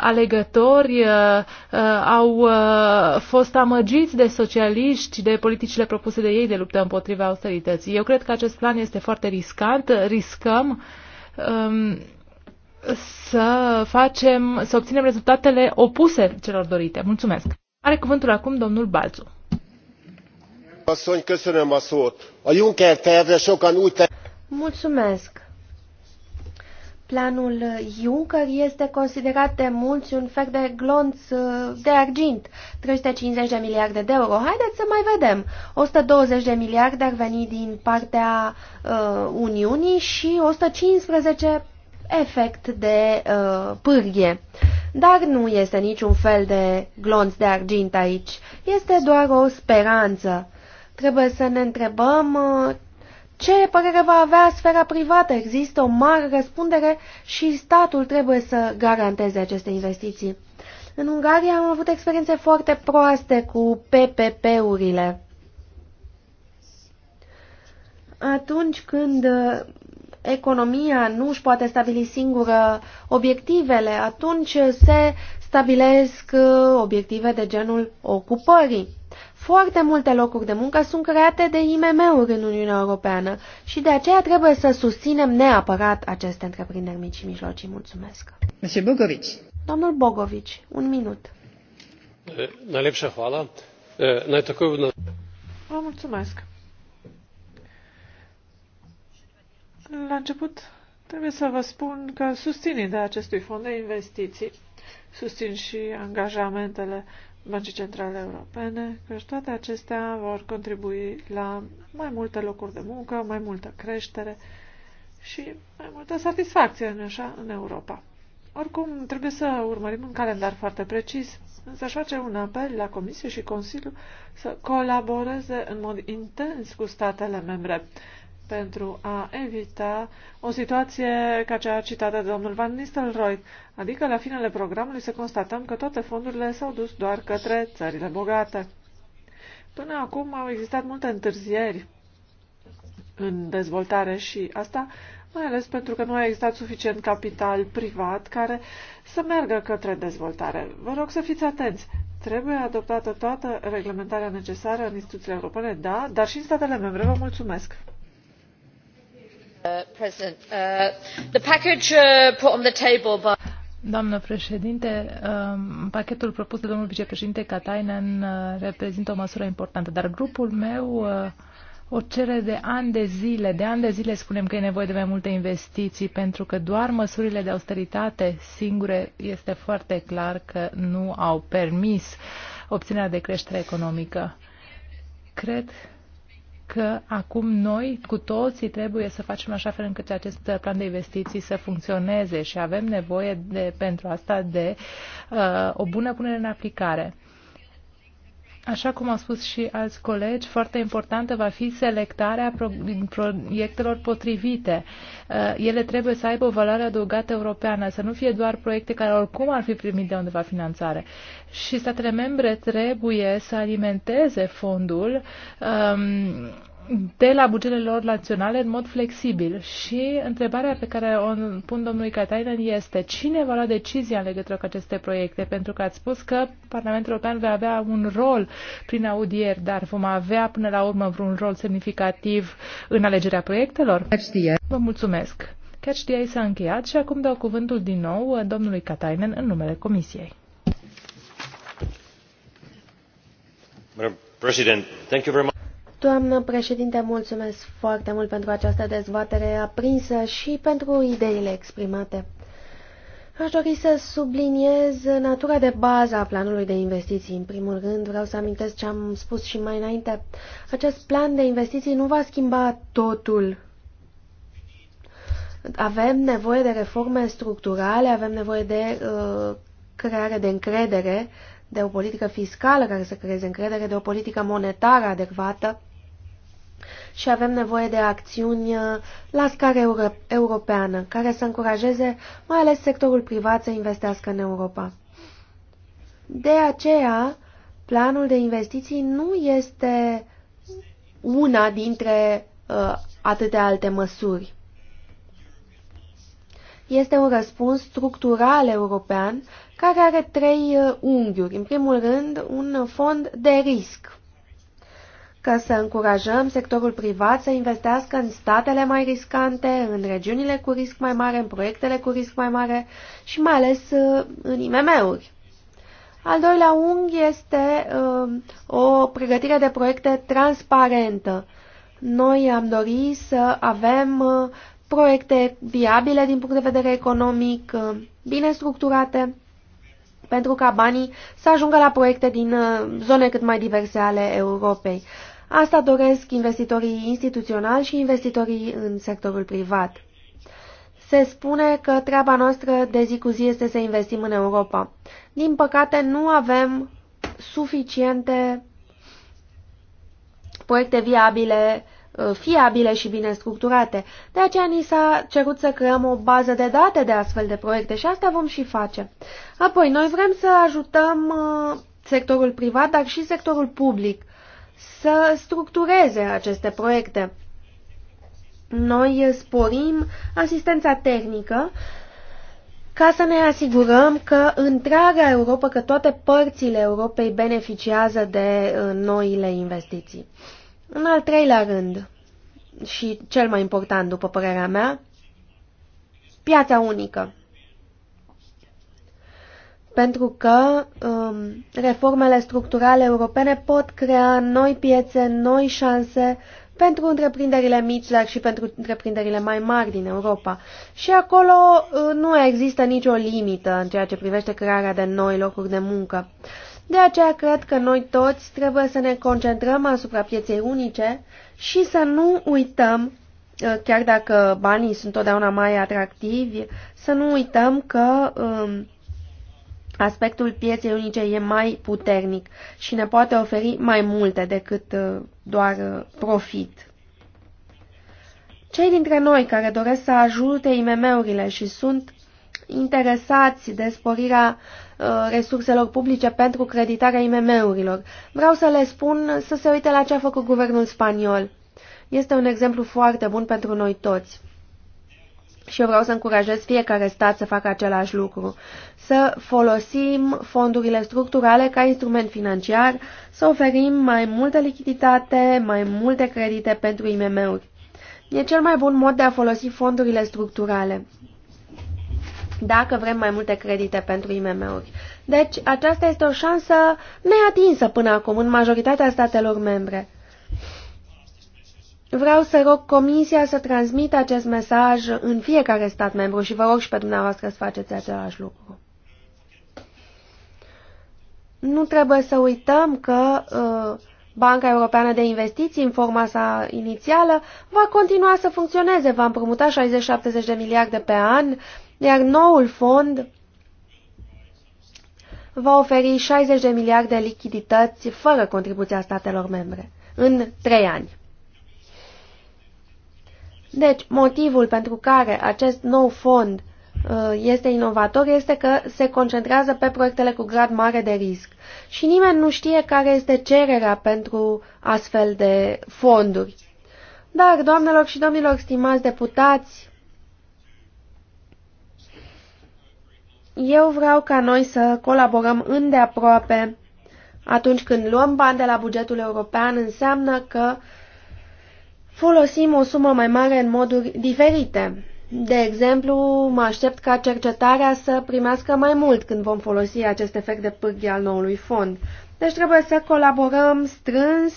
alegători uh, uh au uh, fost amăgiți de socialiști, de politicile propuse de ei de lupta împotriva austerității. Eu cred că acest plan este foarte riscant, riscăm um, să facem, să obținem rezultatele opuse celor dorite. Mulțumesc! Are cuvântul acum domnul Balțu. Mulțumesc. Planul Juncker este considerat de mulți un fel de glonț uh, de argint, 350 de miliarde de euro. Haideți să mai vedem. 120 de miliarde ar veni din partea uh, Uniunii și 115 efect de uh, pârghie. Dar nu este niciun fel de glonț de argint aici. Este doar o speranță. Trebuie să ne întrebăm uh, ce părere va avea sfera privată. Există o mare răspundere și statul trebuie să garanteze aceste investiții. În Ungaria am avut experiențe foarte proaste cu PPP-urile. Atunci când uh, economia nu își poate stabili singură obiectivele, atunci se stabilesc uh, obiective de genul ocupării. Foarte multe locuri de muncă sunt create de IMM-uri în Uniunea Europeană și de aceea trebuie să susținem neapărat aceste întreprinderi mici și mijlocii. Mulțumesc. Bogovici. Domnul Bogovici, un minut. Eh, eh, Vă mulțumesc. la început trebuie să vă spun că susțin ideea acestui fond de investiții. Susțin și angajamentele Băncii Centrale Europene, că toate acestea vor contribui la mai multe locuri de muncă, mai multă creștere și mai multă satisfacție în, așa, în Europa. Oricum, trebuie să urmărim un calendar foarte precis, însă aș face un apel la Comisie și Consiliu să colaboreze în mod intens cu statele membre pentru a evita o situație ca cea citată de domnul Van Nistelrooy, adică la finele programului să constatăm că toate fondurile s-au dus doar către țările bogate. Până acum au existat multe întârzieri în dezvoltare și asta mai ales pentru că nu a existat suficient capital privat care să meargă către dezvoltare. Vă rog să fiți atenți. Trebuie adoptată toată reglementarea necesară în instituțiile europene, da, dar și în statele membre. Vă mulțumesc! doamnă președinte um, pachetul propus de domnul vicepreședinte katainen uh, reprezintă o măsură importantă dar grupul meu uh, o cere de ani de zile. De ani de zile spunem că e nevoie de mai multe investiții pentru că doar măsurile de austeritate singure este foarte clar că nu au permis obținerea de creștere economică. Cred că acum noi, cu toții, trebuie să facem așa fel încât acest plan de investiții să funcționeze și avem nevoie de, pentru asta de uh, o bună punere în aplicare. Așa cum au spus și alți colegi, foarte importantă va fi selectarea proiectelor potrivite. Uh, ele trebuie să aibă o valoare adăugată europeană, să nu fie doar proiecte care oricum ar fi primit de undeva finanțare. Și statele membre trebuie să alimenteze fondul um, de la bugetele lor naționale în mod flexibil. Și întrebarea pe care o pun domnului Katainen este cine va lua decizia în legătură cu aceste proiecte? Pentru că ați spus că Parlamentul European va avea un rol prin audieri, dar vom avea până la urmă vreun rol semnificativ în alegerea proiectelor? Vă mulțumesc! Chiar știa s-a încheiat și acum dau cuvântul din nou domnului Katainen în numele Comisiei. President, thank you very much. Doamnă președinte, mulțumesc foarte mult pentru această dezbatere aprinsă și pentru ideile exprimate. Aș dori să subliniez natura de bază a planului de investiții. În primul rând, vreau să amintesc ce am spus și mai înainte. Acest plan de investiții nu va schimba totul. Avem nevoie de reforme structurale, avem nevoie de uh, creare de încredere, de o politică fiscală care să creeze încredere, de o politică monetară adecvată și avem nevoie de acțiuni uh, la scară euro europeană, care să încurajeze mai ales sectorul privat să investească în Europa. De aceea, planul de investiții nu este una dintre uh, atâtea alte măsuri. Este un răspuns structural european care are trei uh, unghiuri. În primul rând, un fond de risc că să încurajăm sectorul privat să investească în statele mai riscante, în regiunile cu risc mai mare, în proiectele cu risc mai mare și mai ales uh, în IMM-uri. Al doilea unghi este uh, o pregătire de proiecte transparentă. Noi am dorit să avem uh, proiecte viabile din punct de vedere economic, uh, bine structurate, pentru ca banii să ajungă la proiecte din uh, zone cât mai diverse ale Europei. Asta doresc investitorii instituționali și investitorii în sectorul privat. Se spune că treaba noastră de zi cu zi este să investim în Europa. Din păcate, nu avem suficiente proiecte viabile, uh, fiabile și bine structurate. De aceea ni s-a cerut să creăm o bază de date de astfel de proiecte și asta vom și face. Apoi, noi vrem să ajutăm uh, sectorul privat, dar și sectorul public – să structureze aceste proiecte. Noi sporim asistența tehnică ca să ne asigurăm că întreaga Europa, că toate părțile Europei beneficiază de uh, noile investiții. În al treilea rând, și cel mai important după părerea mea, piața unică pentru că um, reformele structurale europene pot crea noi piețe, noi șanse pentru întreprinderile mici, dar și pentru întreprinderile mai mari din Europa. Și acolo uh, nu există nicio limită în ceea ce privește crearea de noi locuri de muncă. De aceea cred că noi toți trebuie să ne concentrăm asupra pieței unice și să nu uităm, uh, chiar dacă banii sunt totdeauna mai atractivi, să nu uităm că... Um, aspectul pieței unice e mai puternic și ne poate oferi mai multe decât uh, doar uh, profit. Cei dintre noi care doresc să ajute IMM-urile și sunt interesați de sporirea uh, resurselor publice pentru creditarea IMM-urilor. Vreau să le spun să se uite la ce a făcut guvernul spaniol. Este un exemplu foarte bun pentru noi toți și eu vreau să încurajez fiecare stat să facă același lucru, să folosim fondurile structurale ca instrument financiar, să oferim mai multă lichiditate, mai multe credite pentru IMM-uri. E cel mai bun mod de a folosi fondurile structurale dacă vrem mai multe credite pentru IMM-uri. Deci, aceasta este o șansă neatinsă până acum în majoritatea statelor membre. Vreau să rog Comisia să transmită acest mesaj în fiecare stat membru și vă rog și pe dumneavoastră să faceți același lucru. Nu trebuie să uităm că uh, Banca Europeană de Investiții, în forma sa inițială, va continua să funcționeze, va împrumuta 60-70 de miliarde pe an, iar noul fond va oferi 60 de miliarde de lichidități fără contribuția statelor membre în 3 ani. Deci, motivul pentru care acest nou fond uh, este inovator este că se concentrează pe proiectele cu grad mare de risc. Și nimeni nu știe care este cererea pentru astfel de fonduri. Dar, doamnelor și domnilor, stimați deputați, eu vreau ca noi să colaborăm îndeaproape atunci când luăm bani de la bugetul european, înseamnă că uh, folosim o sumă mai mare în moduri diferite. De exemplu, mă aștept ca cercetarea să primească mai mult când vom folosi acest efect de pârghie al noului fond. Deci trebuie să colaborăm strâns,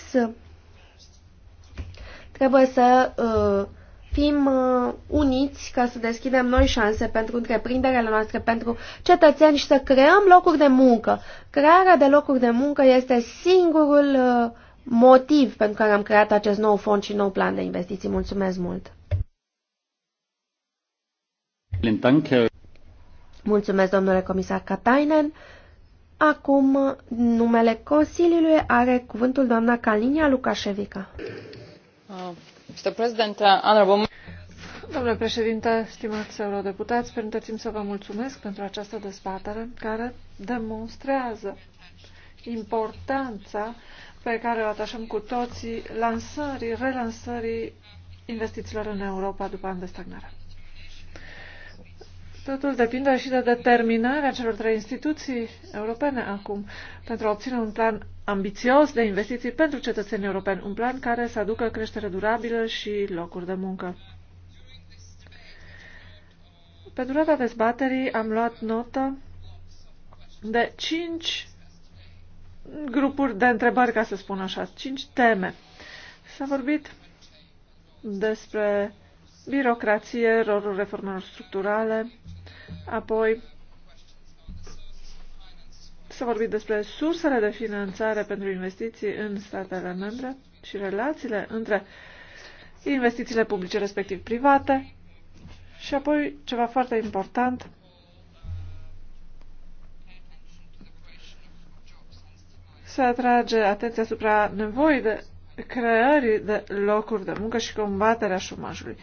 trebuie să uh, fim uh, uniți ca să deschidem noi șanse pentru întreprinderile noastre, pentru cetățeni și să creăm locuri de muncă. Crearea de locuri de muncă este singurul uh, motiv pentru care am creat acest nou fond și nou plan de investiții. Mulțumesc mult! Mulțumesc, domnule comisar Katainen. Acum, numele Consiliului are cuvântul doamna Kalinia Lukashevica. Uh, uh, domnule președinte, stimați eurodeputați, permiteți-mi să vă mulțumesc pentru această dezbatere care demonstrează importanța uh, pe care o atașăm cu toții lansării, relansării investițiilor în Europa după ani de stagnare. Totul depinde și de determinarea celor trei instituții europene acum pentru a obține un plan ambițios de investiții pentru cetățenii europeni, un plan care să aducă creștere durabilă și locuri de muncă. Pe durata dezbaterii am luat notă de cinci grupuri de întrebări, ca să spun așa, cinci teme. S-a vorbit despre birocrație, rolul reformelor structurale, apoi s-a vorbit despre sursele de finanțare pentru investiții în statele membre și relațiile între investițiile publice, respectiv private, și apoi ceva foarte important, se atrage atenția asupra nevoii de creării de locuri de muncă și combaterea șomajului.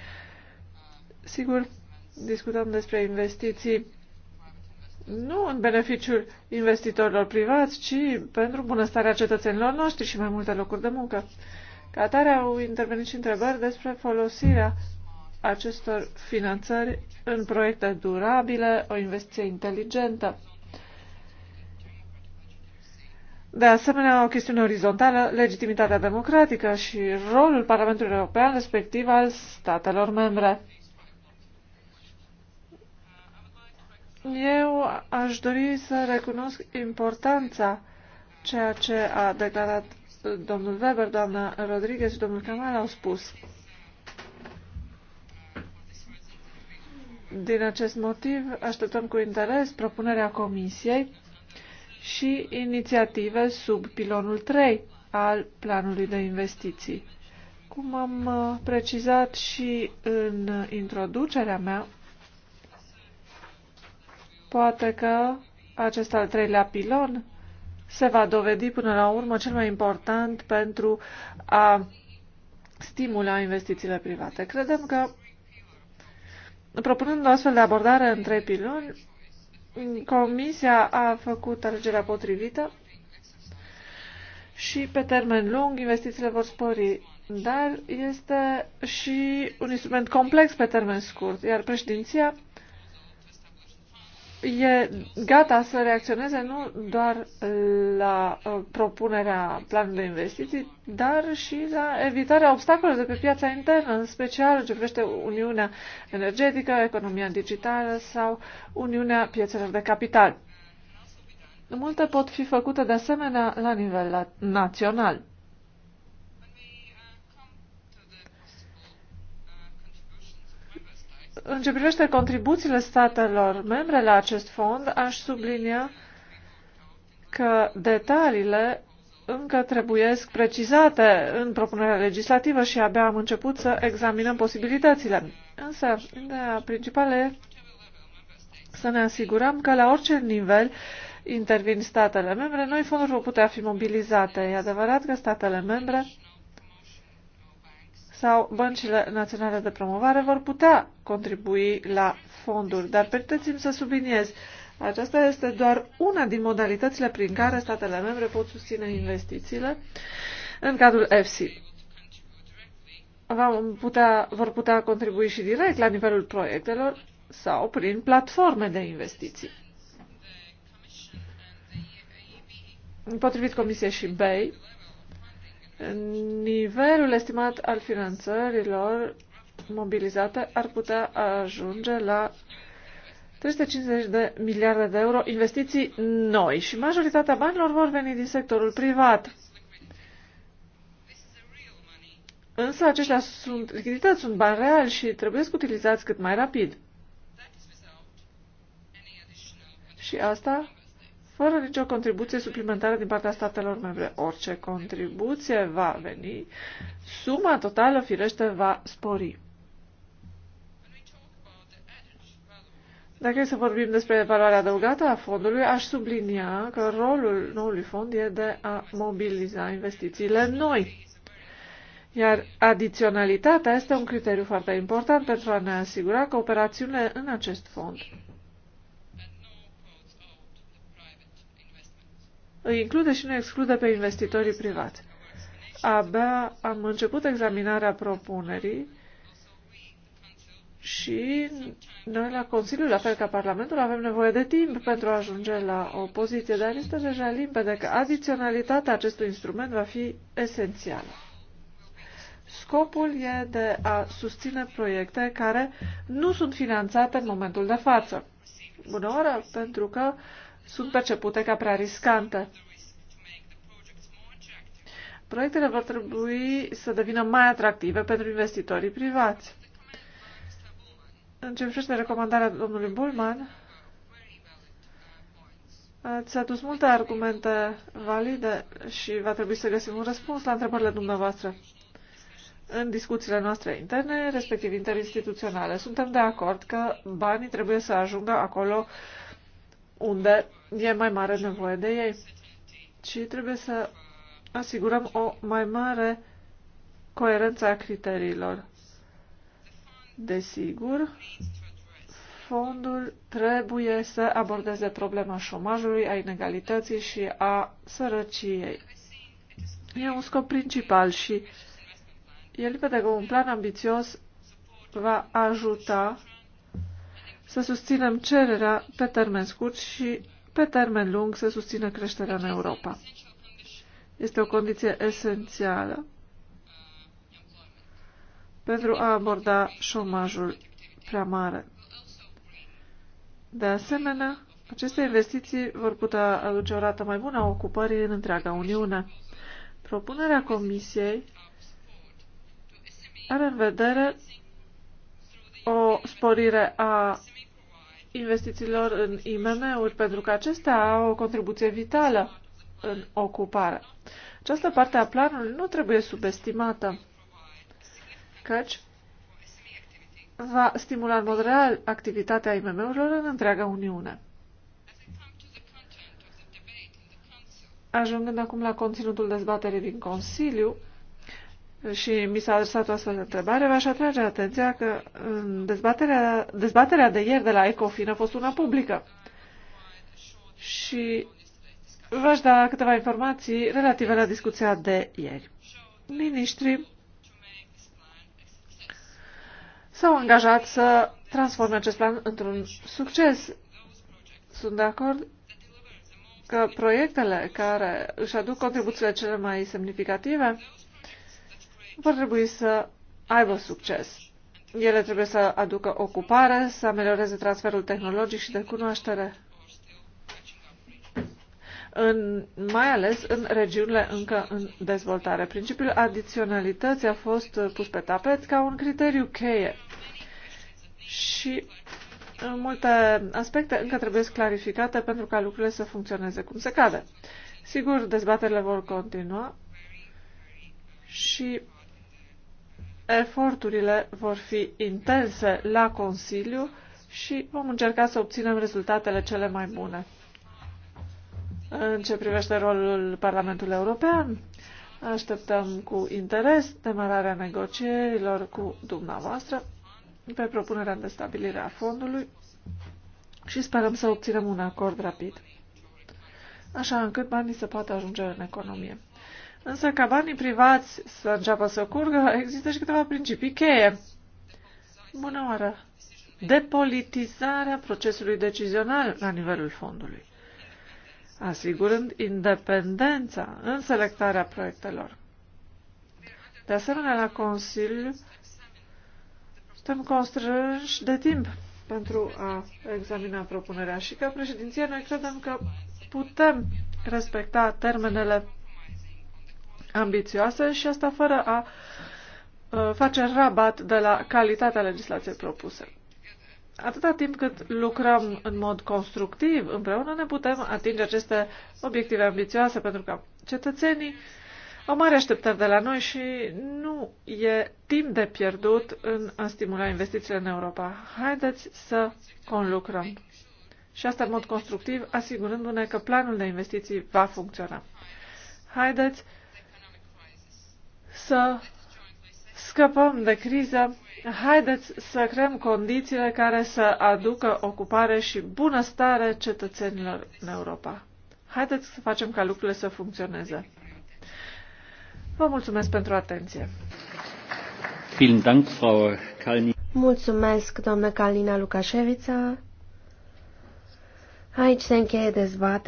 Sigur, discutăm despre investiții nu în beneficiul investitorilor privați, ci pentru bunăstarea cetățenilor noștri și mai multe locuri de muncă. Ca atare au intervenit și întrebări despre folosirea acestor finanțări în proiecte durabile, o investiție inteligentă. De asemenea, o chestiune orizontală, legitimitatea democratică și rolul Parlamentului European, respectiv al statelor membre. Eu aș dori să recunosc importanța ceea ce a declarat domnul Weber, doamna Rodriguez și domnul Kamal au spus. Din acest motiv, așteptăm cu interes propunerea Comisiei și inițiative sub pilonul 3 al planului de investiții. Cum am uh, precizat și în introducerea mea, poate că acest al treilea pilon se va dovedi până la urmă cel mai important pentru a stimula investițiile private. Credem că, propunând o astfel de abordare în trei piloni, Comisia a făcut alegerea potrivită și pe termen lung investițiile vor spori, dar este și un instrument complex pe termen scurt, iar președinția e gata să reacționeze nu doar la uh, propunerea planului de investiții, dar și la evitarea obstacolelor de pe piața internă, în special ce privește Uniunea Energetică, economia digitală sau Uniunea Piețelor de Capital. Multe pot fi făcute de asemenea la nivel național. În ce privește contribuțiile statelor membre la acest fond, aș sublinia că detaliile încă trebuiesc precizate în propunerea legislativă și abia am început să examinăm posibilitățile. Însă, ideea principală e să ne asigurăm că la orice nivel intervin statele membre, noi fonduri vor putea fi mobilizate. E adevărat că statele membre sau băncile naționale de promovare vor putea contribui la fonduri. Dar permiteți-mi să subliniez, aceasta este doar una din modalitățile prin care statele membre pot susține investițiile în cadrul EFSI. Putea, vor putea contribui și direct la nivelul proiectelor sau prin platforme de investiții. Potrivit Comisiei și BEI, nivelul estimat al finanțărilor mobilizate ar putea ajunge la 350 de miliarde de euro investiții noi și majoritatea banilor vor veni din sectorul privat. Însă aceștia sunt lichidități, sunt bani reali și trebuie să utilizați cât mai rapid. Și asta fără nicio contribuție suplimentară din partea statelor membre. Orice contribuție va veni, suma totală firește va spori. Dacă să vorbim despre valoarea adăugată a fondului, aș sublinia că rolul noului fond e de a mobiliza investițiile noi. Iar adiționalitatea este un criteriu foarte important pentru a ne asigura că operațiunile în acest fond îi include și nu exclude pe investitorii privați. Abia am început examinarea propunerii și noi la Consiliu, la fel ca Parlamentul, avem nevoie de timp pentru a ajunge la o poziție, dar este deja limpede că adiționalitatea acestui instrument va fi esențială. Scopul e de a susține proiecte care nu sunt finanțate în momentul de față. Bună oră, pentru că uh, sunt percepute ca prea riscante. Proiectele vor trebui să devină mai atractive pentru investitorii privați. În ce privește recomandarea domnului Bullman, ați adus multe argumente valide și va trebui să găsim un răspuns la întrebările dumneavoastră în discuțiile noastre interne, respectiv interinstituționale. Suntem de acord că banii trebuie să ajungă acolo uh, unde e mai mare nevoie de ei. Și trebuie să asigurăm o mai mare coerență a criteriilor. Desigur, fondul trebuie să abordeze problema șomajului, a inegalității și a sărăciei. E un scop principal și el vede că un plan ambițios va ajuta să susținem cererea pe termen scurt și pe termen lung să susțină creșterea în Europa. Este o condiție esențială pentru a aborda șomajul prea mare. De asemenea, aceste investiții vor putea aduce o rată mai bună a ocupării în întreaga Uniune. Propunerea Comisiei are în vedere o sporire a investițiilor în IMM-uri, pentru că acestea au o contribuție vitală în ocupare. Această parte a planului nu trebuie subestimată, căci va stimula în mod real activitatea IMM-urilor în întreaga Uniune. Ajungând acum la conținutul dezbaterii din Consiliu, și mi s-a adresat o astfel de întrebare, v-aș atrage atenția că dezbaterea, dezbaterea de ieri de la Ecofin a fost una publică. Și v-aș da câteva informații relative la discuția de ieri. Ministrii s-au angajat să transforme acest plan într-un succes. Sunt de acord că proiectele care își aduc contribuțiile cele mai semnificative vor trebui să aibă succes. Ele trebuie să aducă ocupare, să amelioreze transferul tehnologic și de cunoaștere, în, mai ales în regiunile încă în dezvoltare. Principiul adiționalității a fost pus pe tapet ca un criteriu cheie și în uh, multe aspecte încă trebuie clarificate pentru ca lucrurile să funcționeze cum se cade. Sigur, dezbaterile vor continua și Eforturile vor fi intense la Consiliu și vom încerca să obținem rezultatele cele mai bune. În ce privește rolul Parlamentului European, așteptăm cu interes demararea negocierilor cu dumneavoastră pe propunerea de stabilire a fondului și sperăm să obținem un acord rapid, așa încât banii să poată ajunge în economie. Însă ca banii privați să înceapă să curgă, există și câteva principii cheie. Bună oară! Depolitizarea procesului decizional la nivelul fondului, asigurând independența în selectarea proiectelor. De asemenea, la Consiliu suntem constrânși de timp pentru a examina propunerea și ca președinție noi credem că putem respecta termenele ambițioasă și asta fără a uh, face rabat de la calitatea legislației propuse. Atâta timp cât lucrăm în mod constructiv împreună, ne putem atinge aceste obiective ambițioase, pentru că cetățenii au mari așteptări de la noi și nu e timp de pierdut în a stimula investițiile în Europa. Haideți să conlucrăm. Și asta în mod constructiv, asigurându-ne că planul de investiții va funcționa. Haideți să scăpăm de criză, haideți să creăm condițiile care să aducă ocupare și bunăstare cetățenilor în Europa. Haideți să facem ca lucrurile să funcționeze. Vă mulțumesc pentru atenție. Mulțumesc, doamnă Kalina Lukașevița. Aici se încheie dezbaterea.